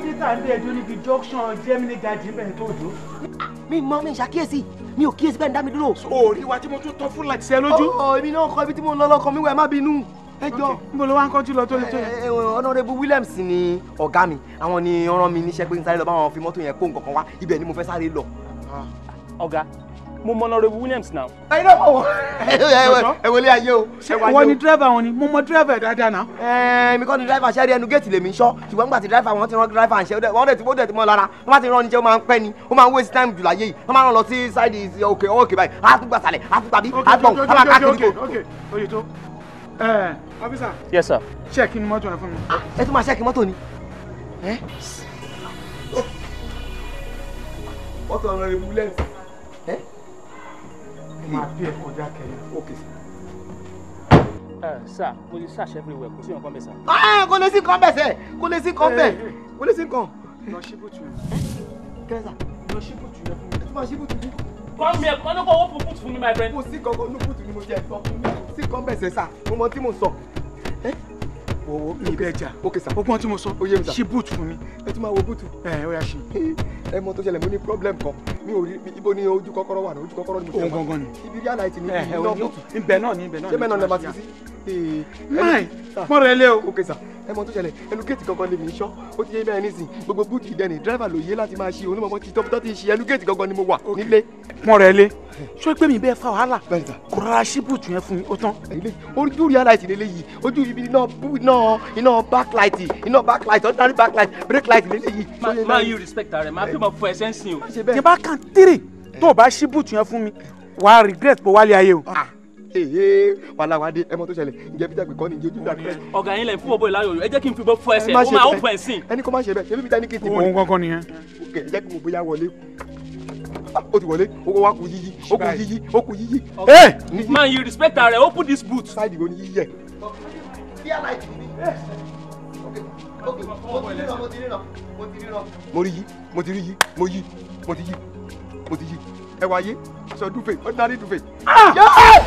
tí tàǹdé ẹ̀dùn níbi junction Germany garden bẹ́ẹ̀ tó dùn. mi mọ mi ṣàkíyèsí mi ò kíyèsí bẹ́ẹ̀ ń dá mi dúró. orí wa tí mo tún tán fún láti ṣe lójú. ọ̀ èmi náà kọ ibi tí mo ń lọ lọ́kọ mi wẹ̀ má bínú ẹ jọ níbo ló wá ń kọjú lọ tó lè tó yẹ. ọ̀nàdẹ́bù Williams ni ọ̀gá mi àwọn ni ọ̀ràn mi níṣẹ́ pé ń sáré lọ bá fi mọ́tò yẹn kó nǹkan kan wá ibẹ̀ ni mo fẹ́ sáré lọ. Ah. ọ̀gá
mo mọ honorable williams náà.
ẹyin náà mọ wọn ẹ wọlé ayé o. wọn ni dírẹ́fà wọn ni mo mọ dírẹ́fà ẹ̀ dáadáa náà. ẹ̀ẹ́n mi kọ́ ni dírẹ́fà ṣẹ́ẹ́rì ẹnu géètì lèmi ń ṣọ́ ṣùgbọ́n nígbà tí dírẹ́fà wọn ti rán dírẹ́fà ṣẹ́ wọ́n dẹ̀ ti bóde ti mọ́ lára wọ́n bá ti rán oníṣẹ́ ó máa ń pẹ́ ni ó máa ń waste time jùlọ ayé yìí wọ́n máa ń lọ sí Okay. òkè Okay. báyìí àtúgbàsálẹ̀ àtúgbàbí àtúgbọ̀n ẹ ọfisa. yes sir. ṣẹ́ẹ̀kì ni mọ́tò rẹ fún mi. Ah, ẹ tún máa ṣẹ́ẹ̀kì mọ́tò ni. mọ́tò ọ̀rọ̀ rẹ̀ wúlẹ̀ máa bí ẹ kọjá kẹyìn. ok sir. ẹ
sir mo ti search everywhere kò sí nǹkan bẹ́ẹ̀ sir. Ah, kò lè sí
nǹkan bẹ́ẹ̀ sẹ́ kò lè sí come. bẹ́ẹ̀ eh, eh. kò lè Come nǹkan. lọ ṣíbùtù rẹ. kẹsà lọ ṣíbùtù rẹ fún mi. ẹ tún máa ṣíbùtù
rẹ. come here come ló kọ́ owó fún bùtù fún mi my friend. kò sí kankan ní bùtù ni mo
jẹ ìtọ́ fún mi kò sí nǹkan bẹ́ẹ̀ sẹ́ sà mo mọ tí mo sọ. Eh? wo ibẹ̀ jà ogun tí mo sọ ṣe búùtù fún mi. ẹ tún máa wo búùtù. ẹ ó yà ṣe. ẹ mọ tó ṣẹlẹ̀ mo ní problem kan mi ò rí ibo ni ojú kọ́kọ́rọ́ wà ní ojú kọ́kọ́rọ́ ni mo ṣe wà. òun gangan ni. ibi rí àlàyé ti ní ibi náà búùtù. ibẹ̀ náà ni ibẹ̀ náà ni. ṣé bẹ́ẹ̀ náà máì mọ rẹ lé o. ok sir ẹ mọ tó ṣẹlẹ̀ ẹnu géètì gangan lèmi ń ṣọ́ ó ti yé bẹ́ẹ̀ nísìn gbogbo búùtù ìdẹ́ni dírẹ́fà ló yé láti máa ṣe onímọ̀mọ́ ti tọ́pútọ́ ti ṣe ẹnu géètì gangan ni mo wà nílé.
mọ rẹ lé eh.
ṣé pé mi bẹ́ẹ̀ fa wàhálà kò rárá sí búùtù yẹn fún mi ó tán. ojú rí aláìsí lélẹ́ yìí ojú ibi iná iná iná backlight iná backlight ordinary backlight brake light lélẹ́ yìí. máa yí
respect rẹ̀ máa fẹ́ mọ̀ fún ẹsẹ̀ ń sìn o. tí
bá kàn tírì tó o bá sí búùtù yẹn fún mi wàá regret pé wálé ayé o. Ah ee Fọláwádé ẹ mọ tó ṣẹlẹ̀ ǹjẹ́ peter pé kọ́ ni ìjọba rẹ.
ọ̀gá yín lẹ̀ ń fún bọ̀bọ̀ ìláyọ̀ ẹ jẹ́ kí n fi bọ́ fún ẹsẹ̀ ó máa ó fún
ẹ̀ sìn. ẹni kò má ṣe bẹ́ẹ̀ ṣé bí peter ní kí n ti bọ̀. òun kankan nìyẹn. ok ẹ jẹ́ kí mo bóyá wọlé o ah, ti wọlé o wa ku yíyí o ku yíyí o ku eh! yíyí. man you respect her eh? open this boot. sáìdì wo ni yíyí ẹ. mo rí yí mo ti rí yí mo yí mo ti yí mo ti yí ẹ wá yé sọ dúfè ordinary dúfè. Ah!